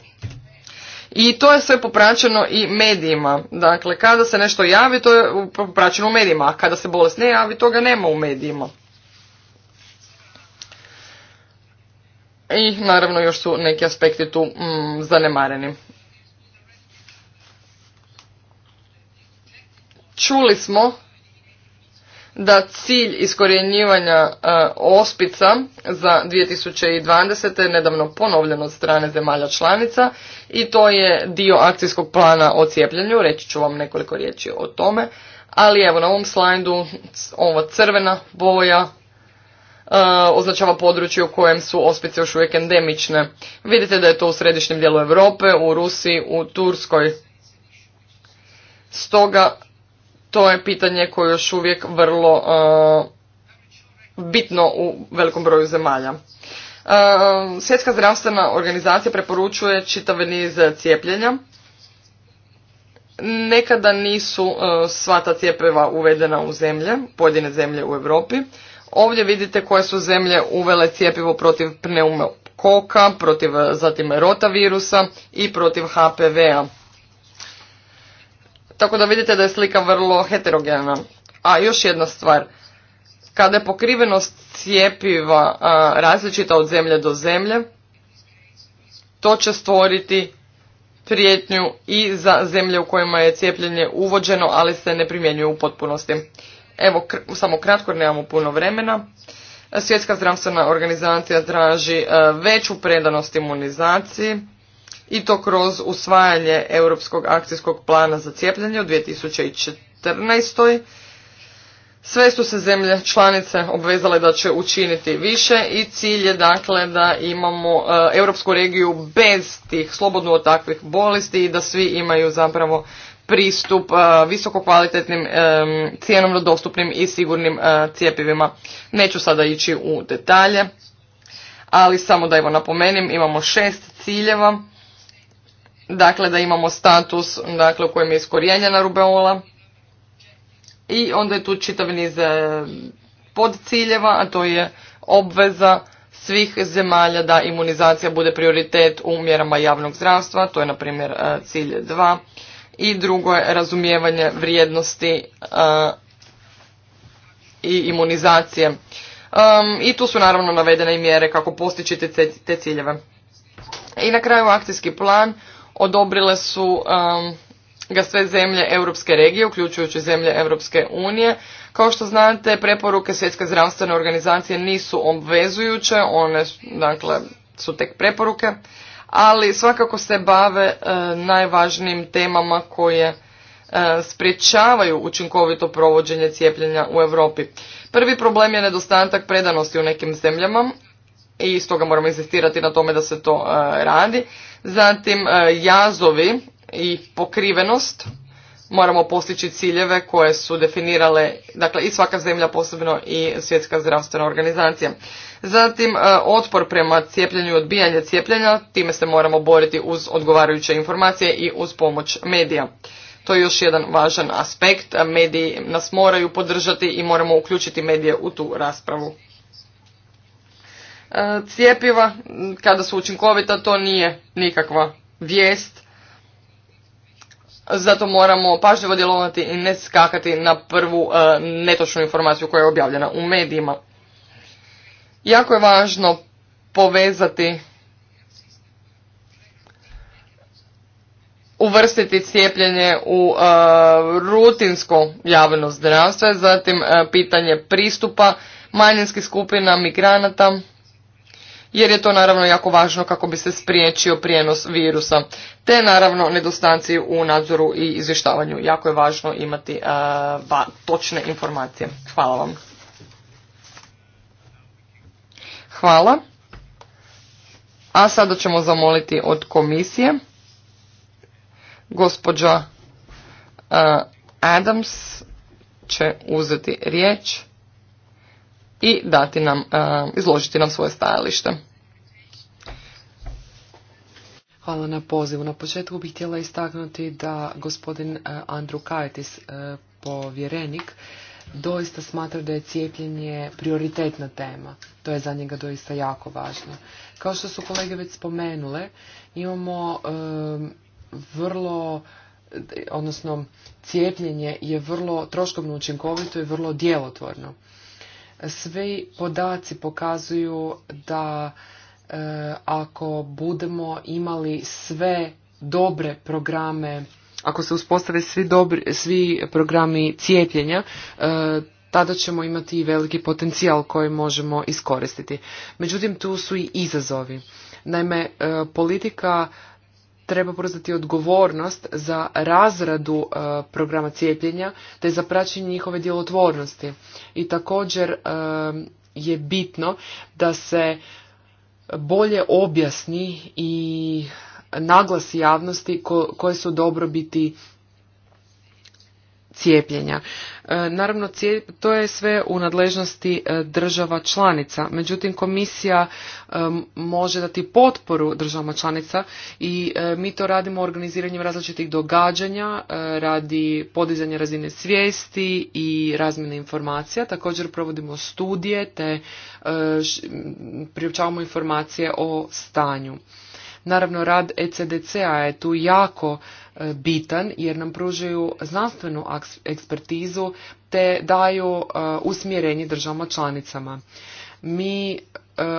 I to je sve popraćeno i medijima. Dakle, kada se nešto javi, to je popraćeno u medijima, a kada se bolest ne javi, toga nema u medijima. I naravno još su neki aspekti tu mm, zanemareni. Čuli smo da cilj iskorjenjivanja e, ospica za 2020. nedavno ponovljen od strane zemalja članica i to je dio akcijskog plana o cijepljenju, reći ću vam nekoliko riječi o tome, ali evo na ovom slajdu ova crvena boja e, označava područje u kojem su ospice još uvijek endemične. Vidite da je to u središnjem dijelu Europe, u Rusiji, u Turskoj. Stoga to je pitanje koje još uvijek vrlo e, bitno u velikom broju zemalja. E, Svjetska zdravstvena organizacija preporučuje čitave niz cijepljenja. Nekada nisu svata e, sva ta uvedena u zemlje, pojedine zemlje u Europi. Ovdje vidite koje su zemlje uvele cijepivo protiv pneumokoka, protiv zatim rotavirusa i protiv HPV-a. Tako da vidite da je slika vrlo heterogena. A još jedna stvar. Kada je pokrivenost cijepiva različita od zemlje do zemlje, to će stvoriti prijetnju i za zemlje u kojima je cijepljenje uvođeno, ali se ne primjenjuje u potpunosti. Evo, samo kratko, nemamo puno vremena. Svjetska zdravstvena organizacija traži veću predanost imunizaciji i to kroz usvajanje Europskog akcijskog plana za cijepljenje u 2014. Sve su se zemlje članice obvezale da će učiniti više i cilj je dakle da imamo e, europsku regiju bez tih slobodno od takvih bolesti i da svi imaju zapravo pristup visoko kvalitetnim e, e dostupnim i sigurnim e, cijepivima. Neću sada ići u detalje, ali samo da evo napomenim, imamo šest ciljeva dakle da imamo status dakle, u kojem je iskorijenjena rubeola i onda je tu čitav niz e, podciljeva, a to je obveza svih zemalja da imunizacija bude prioritet u mjerama javnog zdravstva, to je na primjer e, cilj 2. I drugo je razumijevanje vrijednosti e, i imunizacije. I tu su naravno navedene i mjere kako postići te ciljeve. I na kraju akcijski plan odobrile su um, ga sve zemlje europske regije, uključujući zemlje Europske unije. Kao što znate, preporuke Svjetske zdravstvene organizacije nisu obvezujuće, one dakle, su tek preporuke, ali svakako se bave e, najvažnijim temama koje e, sprječavaju učinkovito provođenje cijepljenja u Europi. Prvi problem je nedostatak predanosti u nekim zemljama, i stoga moramo insistirati na tome da se to e, radi. Zatim e, jazovi i pokrivenost moramo postići ciljeve koje su definirale dakle i svaka zemlja posebno i svjetska zdravstvena organizacija. Zatim e, otpor prema cijepljenju i odbijanje cijepljenja, time se moramo boriti uz odgovarajuće informacije i uz pomoć medija. To je još jedan važan aspekt, mediji nas moraju podržati i moramo uključiti medije u tu raspravu. E, cijepiva, kada su učinkovita, to nije nikakva vijest. Zato moramo pažljivo djelovati i ne skakati na prvu e, netočnu informaciju koja je objavljena u medijima. Jako je važno povezati uvrstiti cijepljenje u e, rutinsko javno zdravstvo, zatim pitanje pristupa manjinskih skupina migranata jer je to naravno jako važno kako bi se spriječio prijenos virusa, te naravno nedostanci u nadzoru i izvještavanju. Jako je važno imati e, točne informacije. Hvala vam. Hvala. A sada ćemo zamoliti od komisije gospođa e, Adams će uzeti riječ i dati nam, e, izložiti nam svoje stajalište. Hvala na pozivu. Na početku bih htjela istaknuti da gospodin e, Andru Kajtis, e, povjerenik, doista smatra da je cijepljenje prioritetna tema. To je za njega doista jako važno. Kao što su kolege već spomenule, imamo vrlo odnosno cijepljenje je vrlo troškovno učinkovito i vrlo djelotvorno. Svi podaci pokazuju da e, ako budemo imali sve dobre programe, ako se uspostave svi, dobri, svi programi cijepljenja, e, tada ćemo imati i veliki potencijal koji možemo iskoristiti. Međutim, tu su i izazovi. Naime, e, politika treba preuzeti odgovornost za razradu e, programa cijepljenja te za praćenje njihove djelotvornosti. I također e, je bitno da se bolje objasni i naglasi javnosti koje su dobrobiti cijepljenja. E, naravno, to je sve u nadležnosti e, država članica. Međutim, komisija e, može dati potporu državama članica i mi to radimo organiziranjem različitih događanja radi podizanja razine svijesti i razmjene informacija. Također provodimo studije te priopćavamo informacije o stanju. Naravno, rad ECDC-a je tu jako bitan jer nam pružaju znanstvenu ekspertizu te daju e, usmjerenje državama članicama. Mi e,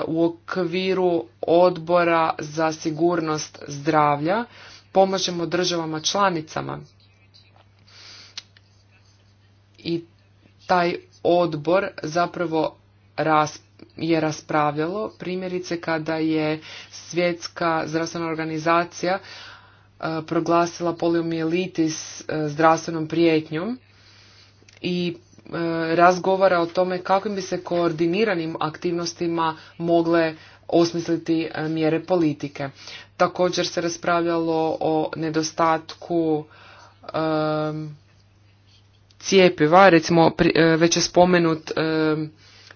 u okviru odbora za sigurnost zdravlja pomažemo državama članicama i taj odbor zapravo je raspravljalo primjerice kada je svjetska zdravstvena organizacija E, proglasila poliomijelitis e, zdravstvenom prijetnjom i e, razgovara o tome kakvim bi se koordiniranim aktivnostima mogle osmisliti mjere politike. Također se raspravljalo o nedostatku cijepiva, recimo već je spomenut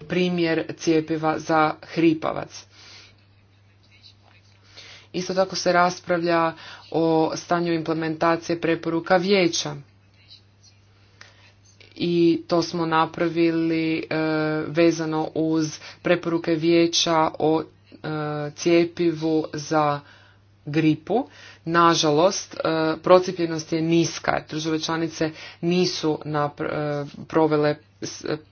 primjer cijepiva za hripavac. Isto tako se raspravlja o stanju implementacije preporuka vijeća. I to smo napravili e, vezano uz preporuke vijeća o e, cijepivu za gripu. Nažalost, e, procijepljenost je niska. države članice nisu e, provele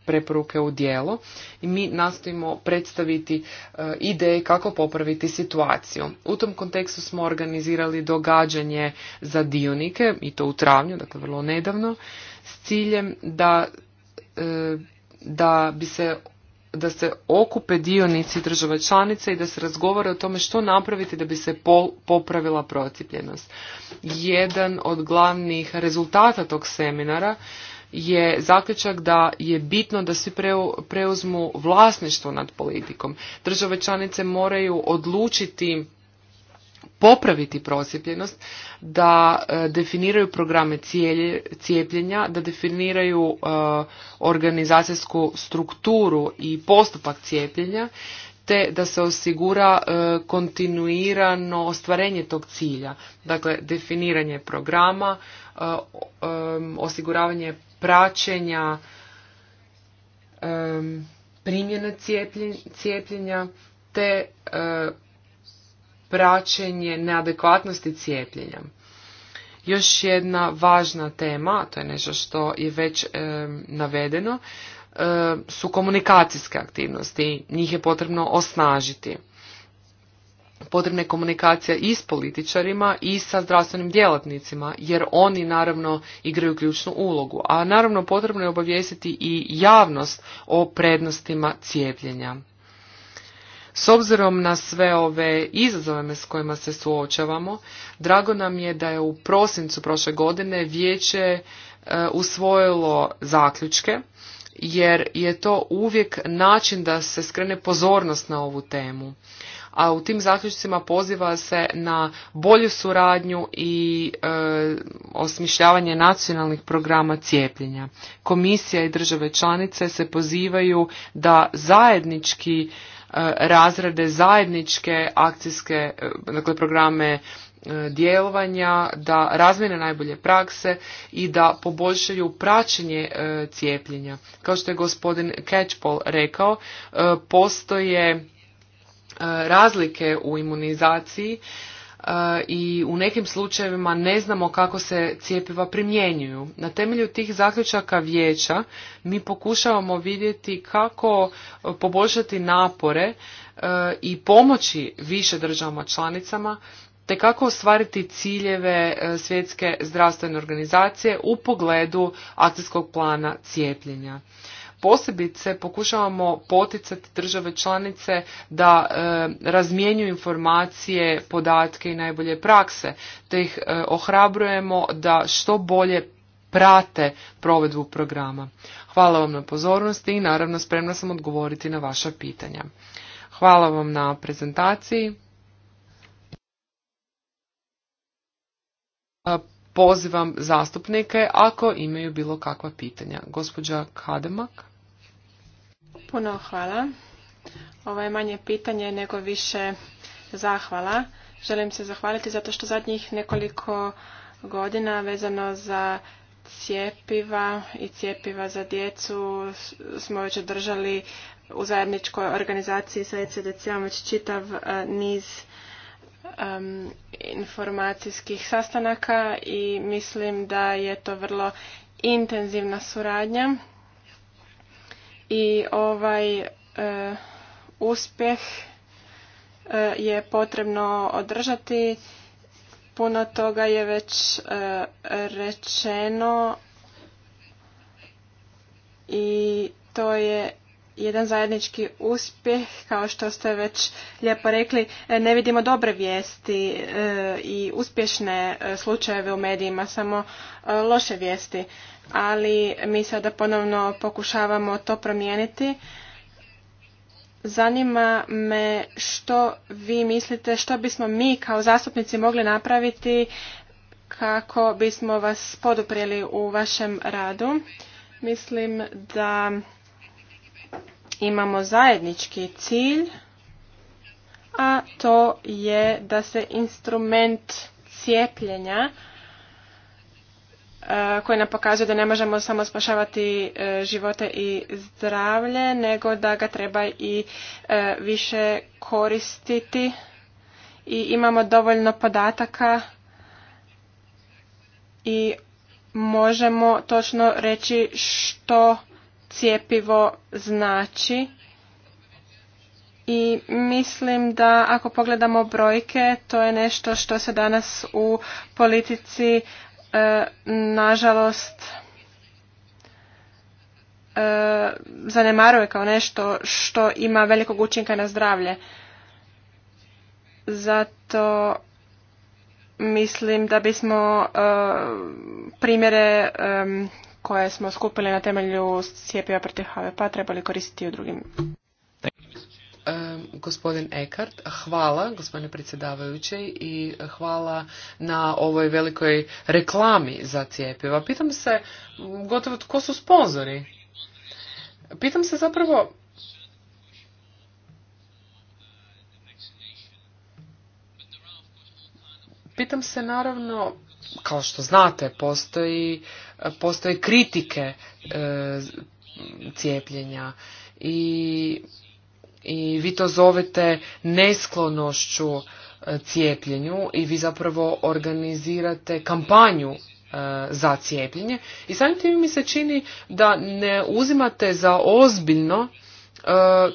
preporuke u dijelo i mi nastojimo predstaviti e, ideje kako popraviti situaciju. U tom kontekstu smo organizirali događanje za dionike i to u travnju, dakle vrlo nedavno, s ciljem da da bi se da se okupe dionici država članica i da se razgovore o tome što napraviti da bi se popravila procipljenost. Jedan od glavnih rezultata tog seminara je zaključak da je bitno da svi preuzmu vlasništvo nad politikom. Države članice moraju odlučiti popraviti procijepljenost, da e, definiraju programe cijepljenja, da definiraju e, organizacijsku strukturu i postupak cijepljenja, te da se osigura e, kontinuirano ostvarenje tog cilja. Dakle, definiranje programa, osiguravanje praćenja primjene cijepljenja, te praćenje neadekvatnosti cijepljenja. Još jedna važna tema, to je nešto što je već navedeno, su komunikacijske aktivnosti. Njih je potrebno osnažiti. Potrebna je komunikacija i s političarima i sa zdravstvenim djelatnicima, jer oni naravno igraju ključnu ulogu. A naravno potrebno je obavijestiti i javnost o prednostima cijepljenja. S obzirom na sve ove izazove s kojima se suočavamo, drago nam je da je u prosincu prošle godine vijeće e, usvojilo zaključke, jer je to uvijek način da se skrene pozornost na ovu temu. A u tim zaključcima poziva se na bolju suradnju i e, osmišljavanje nacionalnih programa cijepljenja. Komisija i države članice se pozivaju da zajednički razrade zajedničke akcijske, dakle programe e, djelovanja, da razmjene najbolje prakse i da poboljšaju praćenje e, cijepljenja. Kao što je gospodin Catchpole rekao, e, postoje razlike u imunizaciji E, i u nekim slučajevima ne znamo kako se cijepiva primjenjuju. Na temelju tih zaključaka vijeća mi pokušavamo vidjeti kako poboljšati napore e, i pomoći više državama članicama te kako ostvariti ciljeve e, svjetske zdravstvene organizacije u pogledu akcijskog plana cijepljenja posebice pokušavamo poticati države članice da e, razmjenjuju informacije, podatke i najbolje prakse, te ih e, ohrabrujemo da što bolje prate provedbu programa. Hvala vam na pozornosti i naravno spremna sam odgovoriti na vaša pitanja. Hvala vam na prezentaciji. E, pozivam zastupnike ako imaju bilo kakva pitanja. Gospođa Kademak. Puno hvala. Ovo je manje pitanje nego više zahvala. Želim se zahvaliti zato što zadnjih nekoliko godina vezano za cijepiva i cijepiva za djecu smo već održali u zajedničkoj organizaciji sa ECDC-om već čitav e, niz informacijskih sastanaka i mislim da je to vrlo intenzivna suradnja i ovaj e, uspjeh e, je potrebno održati. Puno toga je već e, rečeno i to je jedan zajednički uspjeh, kao što ste već lijepo rekli, ne vidimo dobre vijesti i uspješne slučajeve u medijima, samo loše vijesti ali mi sada ponovno pokušavamo to promijeniti. Zanima me što vi mislite, što bismo mi kao zastupnici mogli napraviti kako bismo vas poduprijeli u vašem radu. Mislim da imamo zajednički cilj, a to je da se instrument cijepljenja Eh, koji nam pokazuje da ne možemo samo spašavati eh, živote i zdravlje, nego da ga treba i eh, više koristiti. I imamo dovoljno podataka i možemo točno reći što cijepivo znači. I mislim da ako pogledamo brojke, to je nešto što se danas u politici E, nažalost e, zanemaruje kao nešto što ima velikog učinka na zdravlje. Zato mislim da bismo e, primjere koje smo skupili na temelju cijepiva protiv HVP p-a trebali koristiti u drugim gospodin Ekart. Hvala, gospodine predsjedavajući, i hvala na ovoj velikoj reklami za cijepiva. Pitam se gotovo tko su sponzori. Pitam se zapravo Pitam se naravno, kao što znate, postoji, postoje kritike e, cijepljenja i i vi to zovete nesklonošću e, cijepljenju i vi zapravo organizirate kampanju e, za cijepljenje i samim tim mi se čini da ne uzimate za ozbiljno e,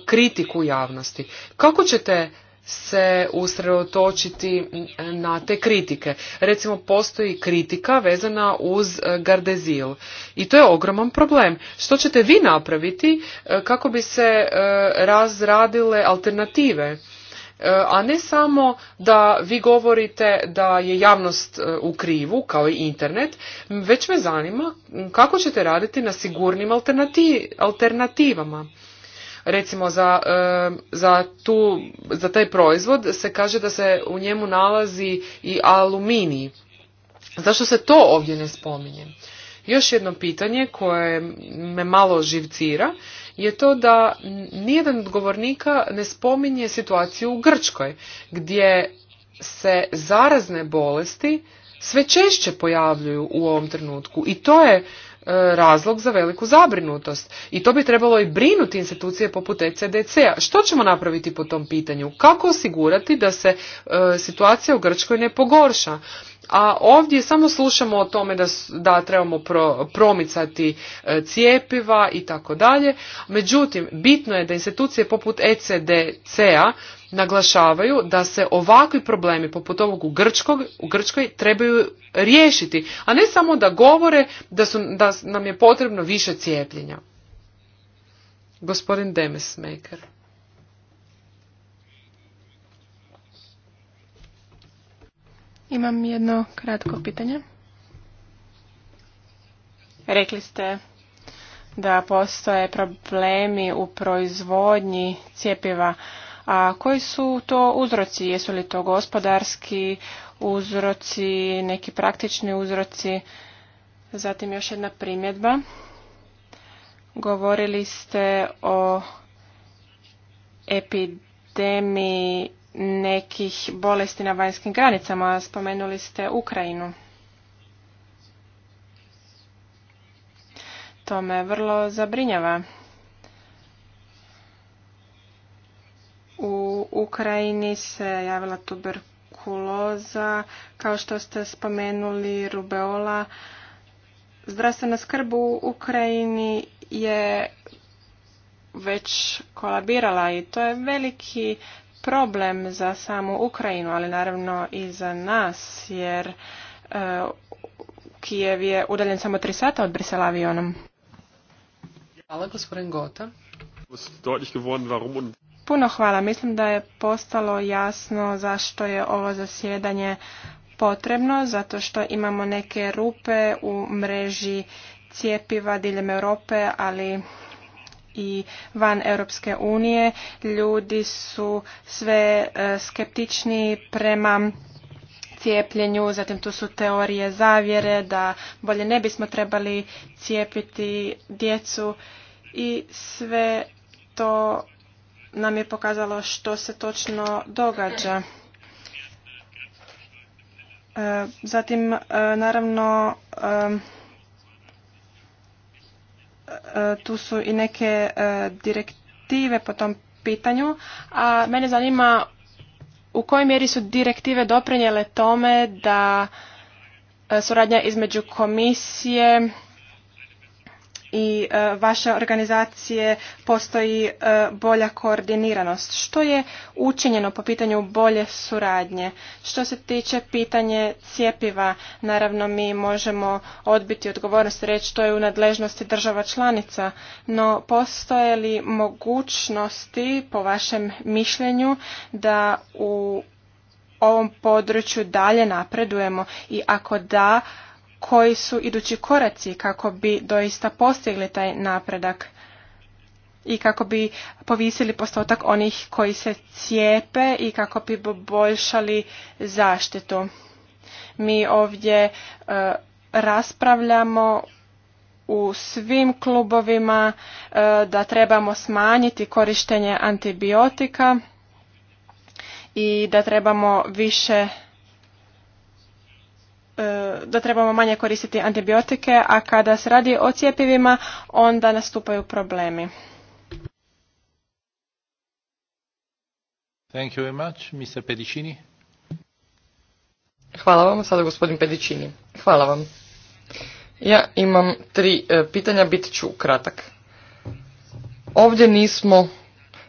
kritiku javnosti. Kako ćete se usredotočiti na te kritike. Recimo postoji kritika vezana uz e, Gardezil i to je ogroman problem. Što ćete vi napraviti e, kako bi se e, razradile alternative? A ne samo da vi govorite da je javnost u krivu, kao i internet, već me zanima kako ćete raditi na sigurnim alternativama Recimo za, e, za, tu, za taj proizvod se kaže da se u njemu nalazi i aluminij. Zašto se to ovdje ne spominje? Još jedno pitanje koje me malo živcira je to da nijedan od govornika ne spominje situaciju u Grčkoj, gdje se zarazne bolesti sve češće pojavljuju u ovom trenutku i to je E, razlog za veliku zabrinutost. I to bi trebalo i brinuti institucije poput ECDC-a. Što ćemo napraviti po tom pitanju? Kako osigurati da se e, situacija u Grčkoj ne pogorša? a ovdje samo slušamo o tome da, da trebamo promicati e, cijepiva i tako dalje. Međutim, bitno je da institucije poput ECDC-a naglašavaju da se ovakvi problemi poput ovog u, Grčkog, u Grčkoj trebaju riješiti, a ne samo da govore da, su, da nam je potrebno više cijepljenja. Gospodin Demesmaker. Imam jedno kratko pitanje. Rekli ste da postoje problemi u proizvodnji cjepiva. A koji su to uzroci? Jesu li to gospodarski uzroci, neki praktični uzroci? Zatim još jedna primjedba. Govorili ste o epidemiji nekih bolesti na vanjskim granicama. Spomenuli ste Ukrajinu. To me vrlo zabrinjava. U Ukrajini se javila tuberkuloza, kao što ste spomenuli, rubeola. Zdravstvena skrb u Ukrajini je već kolabirala i to je veliki problem za samu Ukrajinu, ali naravno i za nas, jer e, Kijev je udaljen samo tri sata od Brisela avionom. Hvala, gospodin Gota. Puno hvala. Mislim da je postalo jasno zašto je ovo zasjedanje potrebno, zato što imamo neke rupe u mreži cijepiva diljem Europe, ali i van Europske unije. Ljudi su sve e, skeptični prema cijepljenju, zatim tu su teorije zavjere da bolje ne bismo trebali cijepiti djecu i sve to nam je pokazalo što se točno događa. E, zatim, e, naravno, E, tu su i neke e, direktive po tom pitanju, a mene zanima u kojoj mjeri su direktive doprinjele tome da e, suradnja između komisije i e, vaše organizacije postoji e, bolja koordiniranost. Što je učinjeno po pitanju bolje suradnje? Što se tiče pitanje cijepiva, naravno mi možemo odbiti odgovornost i reći to je u nadležnosti država članica, no postoje li mogućnosti po vašem mišljenju da u ovom području dalje napredujemo i ako da, koji su idući koraci kako bi doista postigli taj napredak i kako bi povisili postotak onih koji se cijepe i kako bi poboljšali zaštitu. Mi ovdje e, raspravljamo u svim klubovima e, da trebamo smanjiti korištenje antibiotika i da trebamo više E, da trebamo manje koristiti antibiotike, a kada se radi o cjepivima, onda nastupaju problemi. Thank you very much. Mr. Pedicini. Hvala vam, sada gospodin Pedicini. Hvala vam. Ja imam tri e, pitanja, bit ću kratak. Ovdje nismo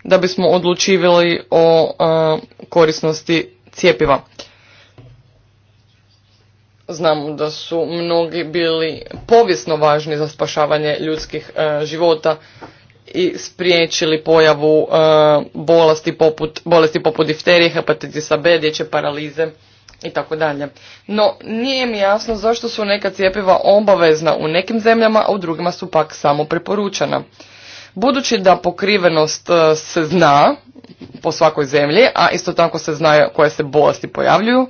da bismo odlučivali o e, korisnosti cijepiva. Znamo da su mnogi bili povijesno važni za spašavanje ljudskih e, života i spriječili pojavu e, bolesti poput, bolesti poput difterije, hepatitisa B, dječje paralize i tako dalje. No, nije mi jasno zašto su neka cijepiva obavezna u nekim zemljama, a u drugima su pak samo preporučena. Budući da pokrivenost e, se zna po svakoj zemlji, a isto tako se zna koje se bolesti pojavljuju,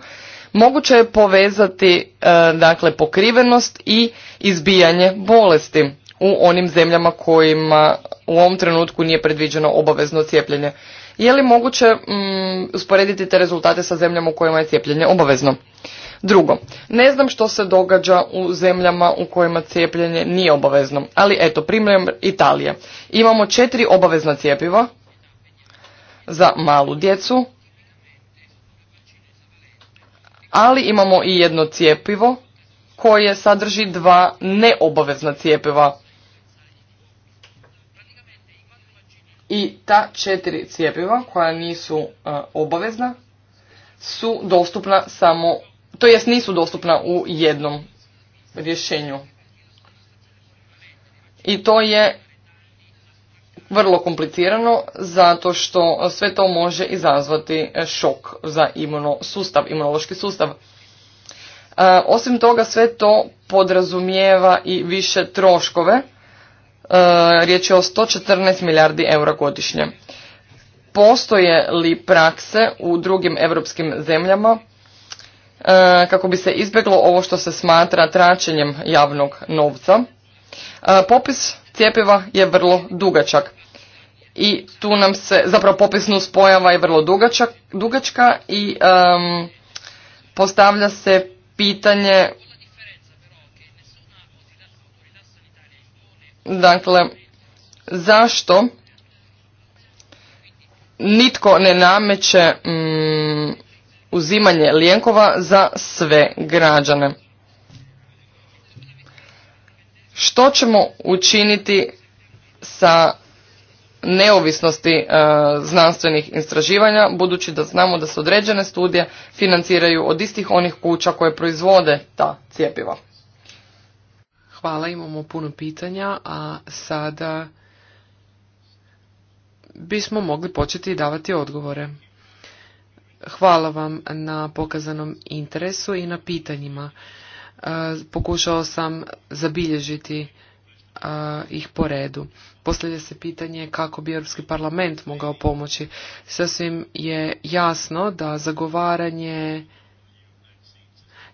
moguće je povezati e, dakle pokrivenost i izbijanje bolesti u onim zemljama kojima u ovom trenutku nije predviđeno obavezno cijepljenje. Je li moguće mm, usporediti te rezultate sa zemljama u kojima je cijepljenje obavezno? Drugo, ne znam što se događa u zemljama u kojima cijepljenje nije obavezno, ali eto, primjer Italije. Imamo četiri obavezna cijepiva za malu djecu, ali imamo i jedno cijepivo koje sadrži dva neobavezna cijepiva. I ta četiri cijepiva koja nisu e, obavezna su dostupna samo, to jest nisu dostupna u jednom rješenju. I to je vrlo komplicirano zato što sve to može izazvati e, šok za imunološki sustav. E, osim toga sve to podrazumijeva i više troškove. E, riječ je o 114 milijardi eura godišnje. Postoje li prakse u drugim europskim zemljama kako bi se izbjeglo ovo što se smatra traćenjem javnog novca? Popis cijepiva je vrlo dugačak i tu nam se zapravo popis nuspojava je vrlo dugačak, dugačka i um, postavlja se pitanje dakle zašto nitko ne nameće mm, uzimanje lijekova za sve građane što ćemo učiniti sa neovisnosti e, znanstvenih istraživanja, budući da znamo da se određene studije financiraju od istih onih kuća koje proizvode ta cjepiva. Hvala, imamo puno pitanja, a sada bismo mogli početi davati odgovore. Hvala vam na pokazanom interesu i na pitanjima. E, pokušao sam zabilježiti e, ih po redu. Postavlja se pitanje kako bi Europski parlament mogao pomoći. Sasvim je jasno da zagovaranje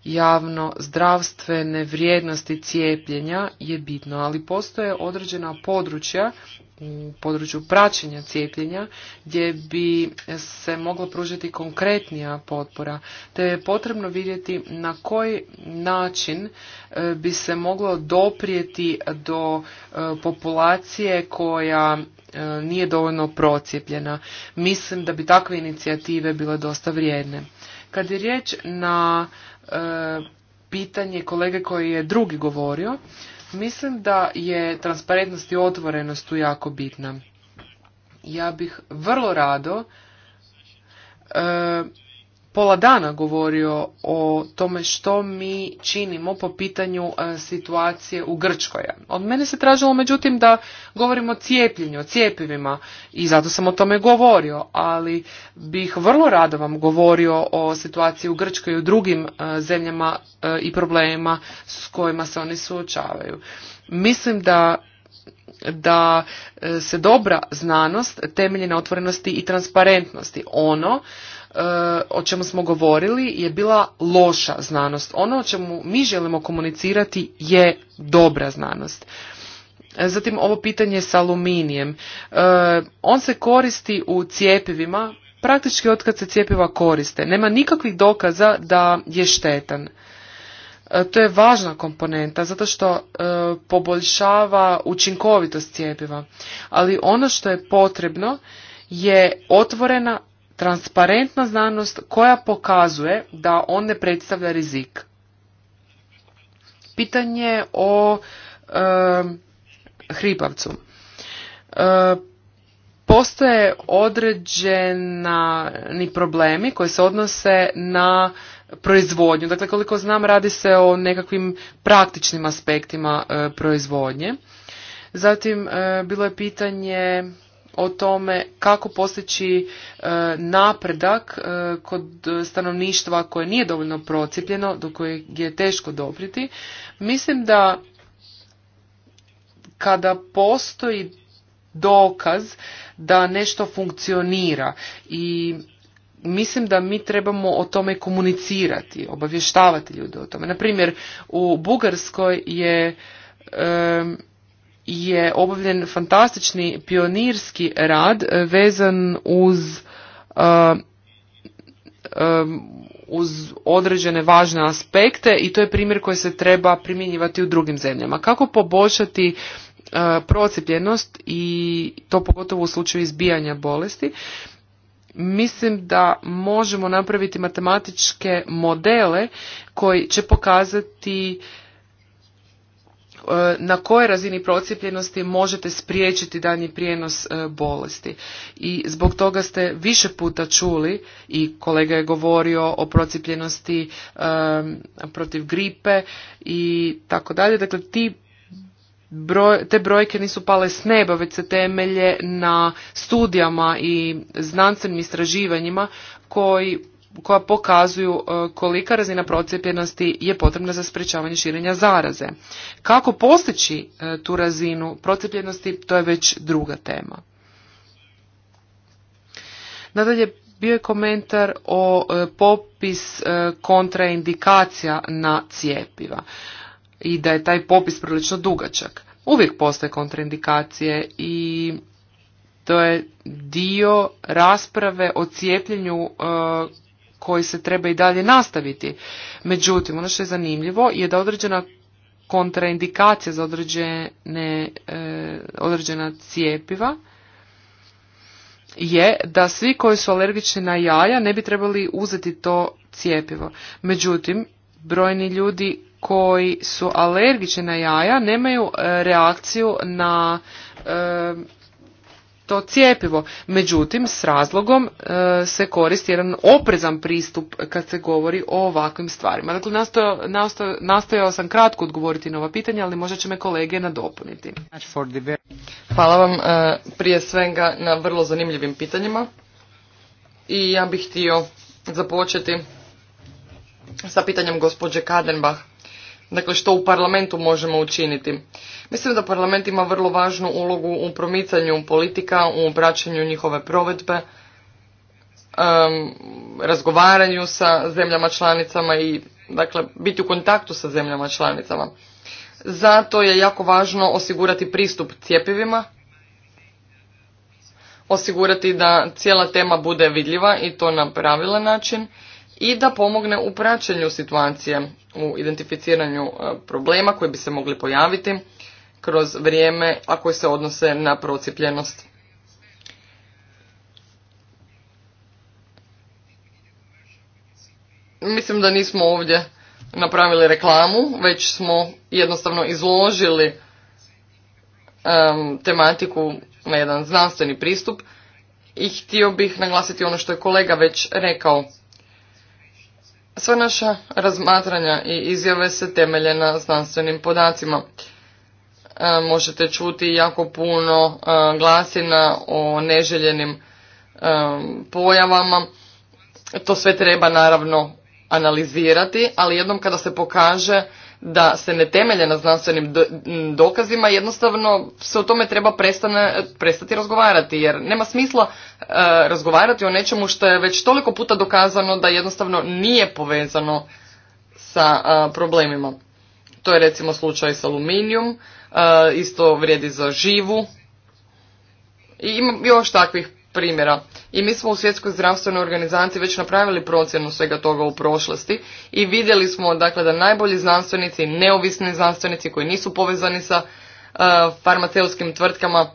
javno zdravstvene vrijednosti cijepljenja je bitno, ali postoje određena područja u području praćenja cijepljenja gdje bi se mogla pružiti konkretnija potpora te je potrebno vidjeti na koji način e, bi se moglo doprijeti do e, populacije koja e, nije dovoljno procijepljena. Mislim da bi takve inicijative bile dosta vrijedne. Kad je riječ na pitanje kolege koji je drugi govorio, Mislim da je transparentnost i otvorenost tu jako bitna. Ja bih vrlo rado e, pola dana govorio o tome što mi činimo po pitanju e, situacije u Grčkoj. Od mene se tražilo međutim da govorimo o cijepljenju, o cijepivima i zato sam o tome govorio, ali bih vrlo rado vam govorio o situaciji u Grčkoj i u drugim e, zemljama e, i problemima s kojima se oni suočavaju. Mislim da da se dobra znanost temelji na otvorenosti i transparentnosti. Ono E, o čemu smo govorili je bila loša znanost. Ono o čemu mi želimo komunicirati je dobra znanost. E, zatim ovo pitanje s aluminijem. E, on se koristi u cijepivima praktički kad se cijepiva koriste. Nema nikakvih dokaza da je štetan. To je važna komponenta zato što poboljšava učinkovitost cijepiva. Ali ono što je potrebno je otvorena transparentna znanost koja pokazuje da on ne predstavlja rizik. Pitanje o e, hripavcu. E, postoje određeni problemi koji se odnose na proizvodnju. Dakle, koliko znam, radi se o nekakvim praktičnim aspektima eh, proizvodnje. Zatim, eh, bilo je pitanje o tome kako postići e, napredak e, kod stanovništva koje nije dovoljno procijepljeno, do kojeg je teško dopriti. Mislim da kada postoji dokaz da nešto funkcionira i mislim da mi trebamo o tome komunicirati, obavještavati ljude o tome. Na primjer, u Bugarskoj je je obavljen fantastični pionirski rad e, vezan uz e, e, uz određene važne aspekte i to je primjer koji se treba primjenjivati u drugim zemljama. Kako poboljšati procijepljenost i to pogotovo u slučaju izbijanja bolesti? Mislim da možemo napraviti matematičke modele koji će pokazati E, na kojoj razini procijepljenosti možete spriječiti danji prijenos e, bolesti. I zbog toga ste više puta čuli i kolega je govorio o procijepljenosti e, protiv gripe i tako dalje. Dakle, ti te brojke nisu pale s neba, već se temelje na studijama i znanstvenim istraživanjima koji koja pokazuju e, kolika razina procijepljenosti je potrebna za sprečavanje širenja zaraze. Kako postići e, tu razinu procijepljenosti, to je već druga tema. Nadalje, bio je komentar o e, popis kontraindikacija na cijepiva i da je taj popis prilično dugačak. Uvijek postoje kontraindikacije i to je dio rasprave o cijepljenju koji se treba i dalje nastaviti. Međutim, ono što je zanimljivo je da određena kontraindikacija za određene, e, određena cijepiva je da svi koji su alergični na jaja ne bi trebali uzeti to cijepivo. Međutim, brojni ljudi koji su alergični na jaja nemaju e, reakciju na e, to cijepivo. Međutim, s razlogom e, se koristi jedan oprezan pristup kad se govori o ovakvim stvarima. Dakle, nastojao, nastojao, sam kratko odgovoriti na ova pitanja, ali možda će me kolege nadopuniti. Hvala vam e, prije svega na vrlo zanimljivim pitanjima. I ja bih htio započeti sa pitanjem gospođe Kadenbach dakle što u parlamentu možemo učiniti. Mislim da parlament ima vrlo važnu ulogu u promicanju politika, u praćenju njihove provedbe, um, razgovaranju sa zemljama članicama i dakle biti u kontaktu sa zemljama članicama. Zato je jako važno osigurati pristup cjepivima, osigurati da cijela tema bude vidljiva i to na pravilan način i da pomogne u praćenju situacije u identificiranju e, problema koji bi se mogli pojaviti kroz vrijeme, a se odnose na procipljenost. Mislim da nismo ovdje napravili reklamu, već smo jednostavno izložili tematiku na jedan znanstveni pristup i htio bih naglasiti ono što je kolega već rekao. Sva naša razmatranja i izjave se temelje na znanstvenim podacima. E, možete čuti jako puno e, glasina o neželjenim e, pojavama. To sve treba naravno analizirati, ali jednom kada se pokaže da se ne temelje na znanstvenim dokazima, jednostavno se o tome treba prestati razgovarati, jer nema smisla e, razgovarati o nečemu što je već toliko puta dokazano da jednostavno nije povezano sa e, problemima. To je recimo slučaj s aluminijum, e, isto vrijedi za živu i ima još takvih primjera. I mi smo u Svjetskoj zdravstvenoj organizaciji već napravili procjenu svega toga u prošlosti i vidjeli smo dakle da najbolji znanstvenici, neovisni znanstvenici koji nisu povezani sa e, farmaceutskim tvrtkama,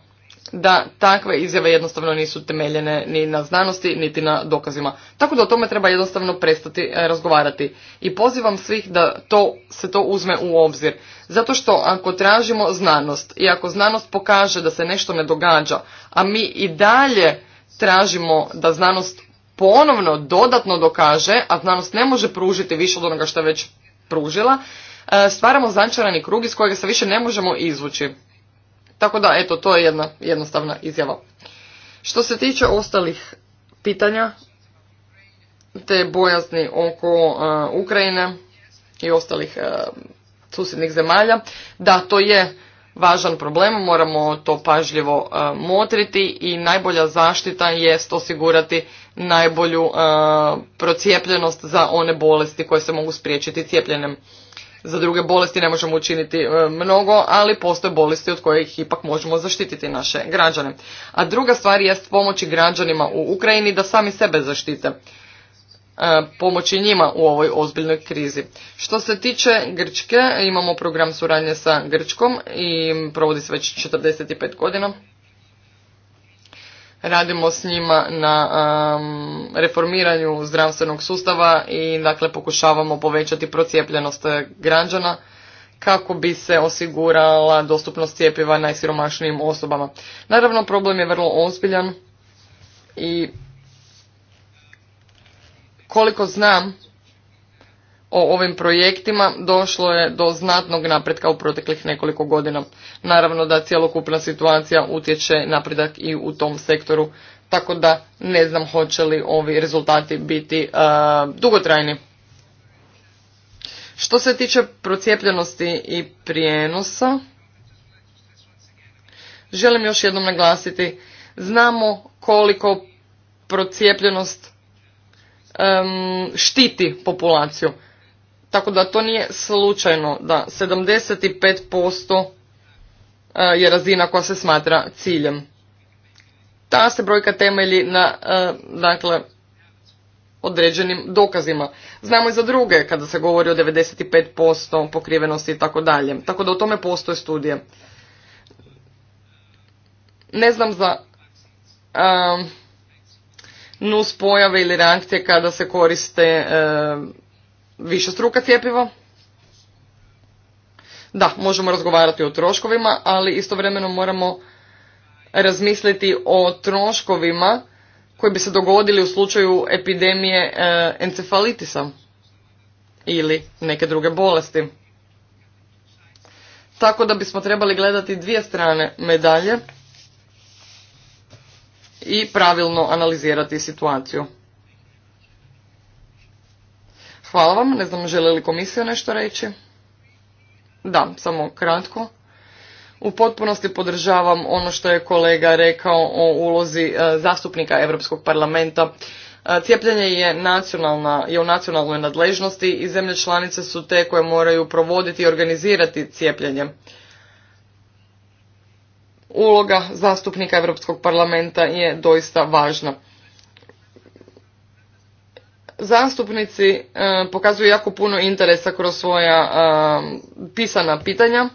da takve izjave jednostavno nisu temeljene ni na znanosti, niti na dokazima. Tako da o tome treba jednostavno prestati e, razgovarati. I pozivam svih da to, se to uzme u obzir. Zato što ako tražimo znanost i ako znanost pokaže da se nešto ne događa, a mi i dalje tražimo da znanost ponovno dodatno dokaže, a znanost ne može pružiti više od onoga što je već pružila, e, stvaramo zančarani krug iz kojega se više ne možemo izvući. Tako da, eto, to je jedna jednostavna izjava. Što se tiče ostalih pitanja, te bojazni oko e, Ukrajine i ostalih e, susjednih zemalja, da, to je važan problem, moramo to pažljivo e, motriti i najbolja zaštita jest osigurati najbolju e, procijepljenost za one bolesti koje se mogu spriječiti cijepljenjem. Za druge bolesti ne možemo učiniti e, mnogo, ali postoje bolesti od kojih ipak možemo zaštititi naše građane. A druga stvar jest pomoći građanima u Ukrajini da sami sebe zaštite. E, pomoći njima u ovoj ozbiljnoj krizi. Što se tiče Grčke, imamo program suradnje sa Grčkom i provodi se već 45 godina. Radimo s njima na reformiranju zdravstvenog sustava i dakle pokušavamo povećati procijepljenost građana kako bi se osigurala dostupnost cijepiva najsiromašnijim osobama. Naravno, problem je vrlo ozbiljan i koliko znam o ovim projektima, došlo je do znatnog napretka u proteklih nekoliko godina. Naravno da cjelokupna situacija utječe napredak i u tom sektoru, tako da ne znam hoće li ovi rezultati biti e, dugotrajni. Što se tiče procijepljenosti i prijenosa, želim još jednom naglasiti, znamo koliko procijepljenost štiti populaciju. Tako da to nije slučajno da 75% e, je razina koja se smatra ciljem. Ta se brojka temelji na e, dakle, određenim dokazima. Znamo i za druge kada se govori o 95% pokrivenosti i tako dalje. Tako da u tome postoje studije. Ne znam za um, nus pojave ili reakcije kada se koriste e, više struka cjepiva? Da, možemo razgovarati o troškovima, ali istovremeno moramo razmisliti o troškovima koji bi se dogodili u slučaju epidemije e, encefalitisa ili neke druge bolesti. Tako da bismo trebali gledati dvije strane medalje i pravilno analizirati situaciju. Hvala vam, ne znam želi li komisija nešto reći. Da, samo kratko. U potpunosti podržavam ono što je kolega rekao o ulozi e, zastupnika Europskog parlamenta. E, cijepljenje je, nacionalna, je u nacionalnoj nadležnosti i zemlje članice su te koje moraju provoditi i organizirati cijepljenje uloga zastupnika Europskog parlamenta je doista važna. Zastupnici e, pokazuju jako puno interesa kroz svoja e, pisana pitanja.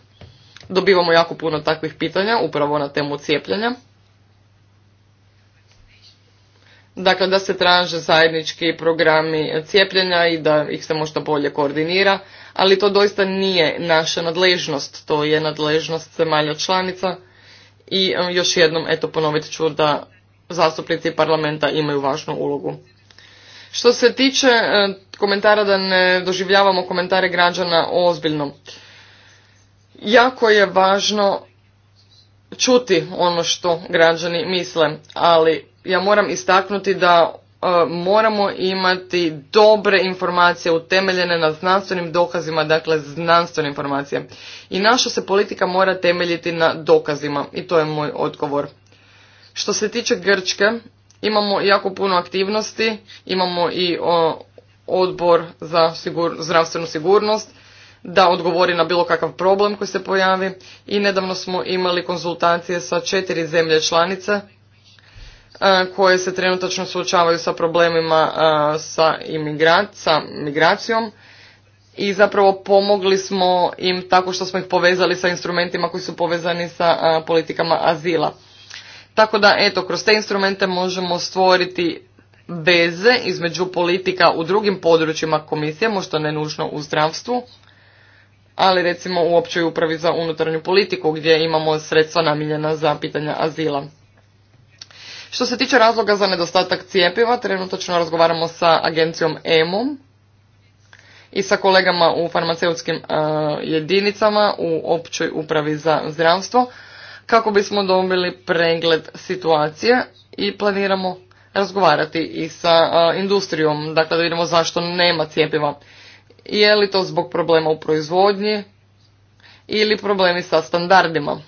Dobivamo jako puno takvih pitanja upravo na temu cijepljenja. Dakle, da se traže zajednički programi cijepljenja i da ih se možda bolje koordinira, ali to doista nije naša nadležnost, to je nadležnost zemalja članica i e, još jednom eto ponovit ću da zastupnici parlamenta imaju važnu ulogu. Što se tiče e, komentara da ne doživljavamo komentare građana ozbiljno, jako je važno čuti ono što građani misle, ali ja moram istaknuti da E, moramo imati dobre informacije utemeljene na znanstvenim dokazima, dakle znanstvene informacije. I naša se politika mora temeljiti na dokazima i to je moj odgovor. Što se tiče Grčke, imamo jako puno aktivnosti, imamo i o, odbor za zdravstvenu sigurnost da odgovori na bilo kakav problem koji se pojavi i nedavno smo imali konzultacije sa četiri zemlje članice E, koje se trenutačno suočavaju sa problemima e, sa migracijom i zapravo pomogli smo im tako što smo ih povezali sa instrumentima koji su povezani sa e, politikama azila. Tako da, eto, kroz te instrumente možemo stvoriti veze između politika u drugim područjima komisije, možda ne nužno u zdravstvu, ali recimo u općoj upravi za unutarnju politiku gdje imamo sredstva namijenjena za pitanja azila. Što se tiče razloga za nedostatak cijepiva, trenutačno razgovaramo sa agencijom EMU i sa kolegama u farmaceutskim e, jedinicama u općoj upravi za zdravstvo kako bismo dobili pregled situacije i planiramo razgovarati i sa e, industrijom, dakle da vidimo zašto nema cijepiva. Je li to zbog problema u proizvodnji ili problemi sa standardima?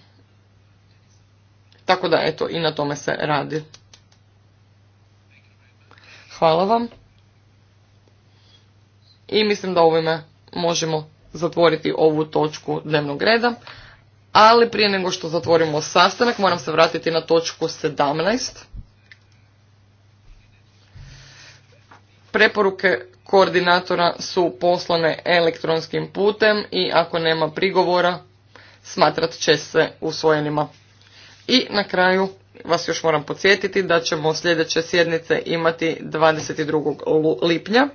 Tako da, eto, i na tome se radi. Hvala vam. I mislim da ovime možemo zatvoriti ovu točku dnevnog reda. Ali prije nego što zatvorimo sastanak, moram se vratiti na točku 17. Preporuke koordinatora su poslane elektronskim putem i ako nema prigovora, smatrat će se usvojenima. I na kraju vas još moram podsjetiti da ćemo sljedeće sjednice imati 22. lipnja.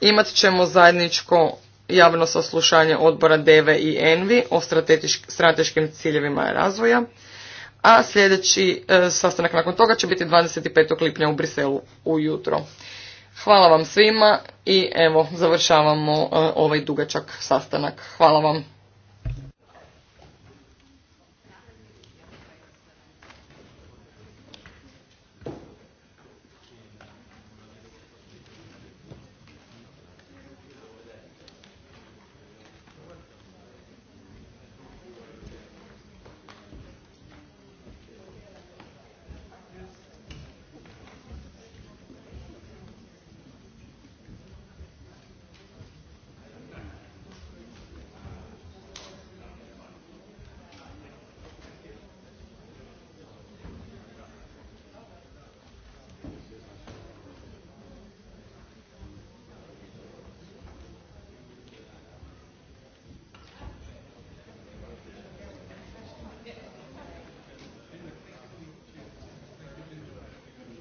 Imat ćemo zajedničko javno saslušanje odbora DEVE i ENVI o strateškim ciljevima razvoja. A sljedeći e, sastanak nakon toga će biti 25. lipnja u Briselu ujutro. Hvala vam svima i evo završavamo e, ovaj dugačak sastanak. Hvala vam.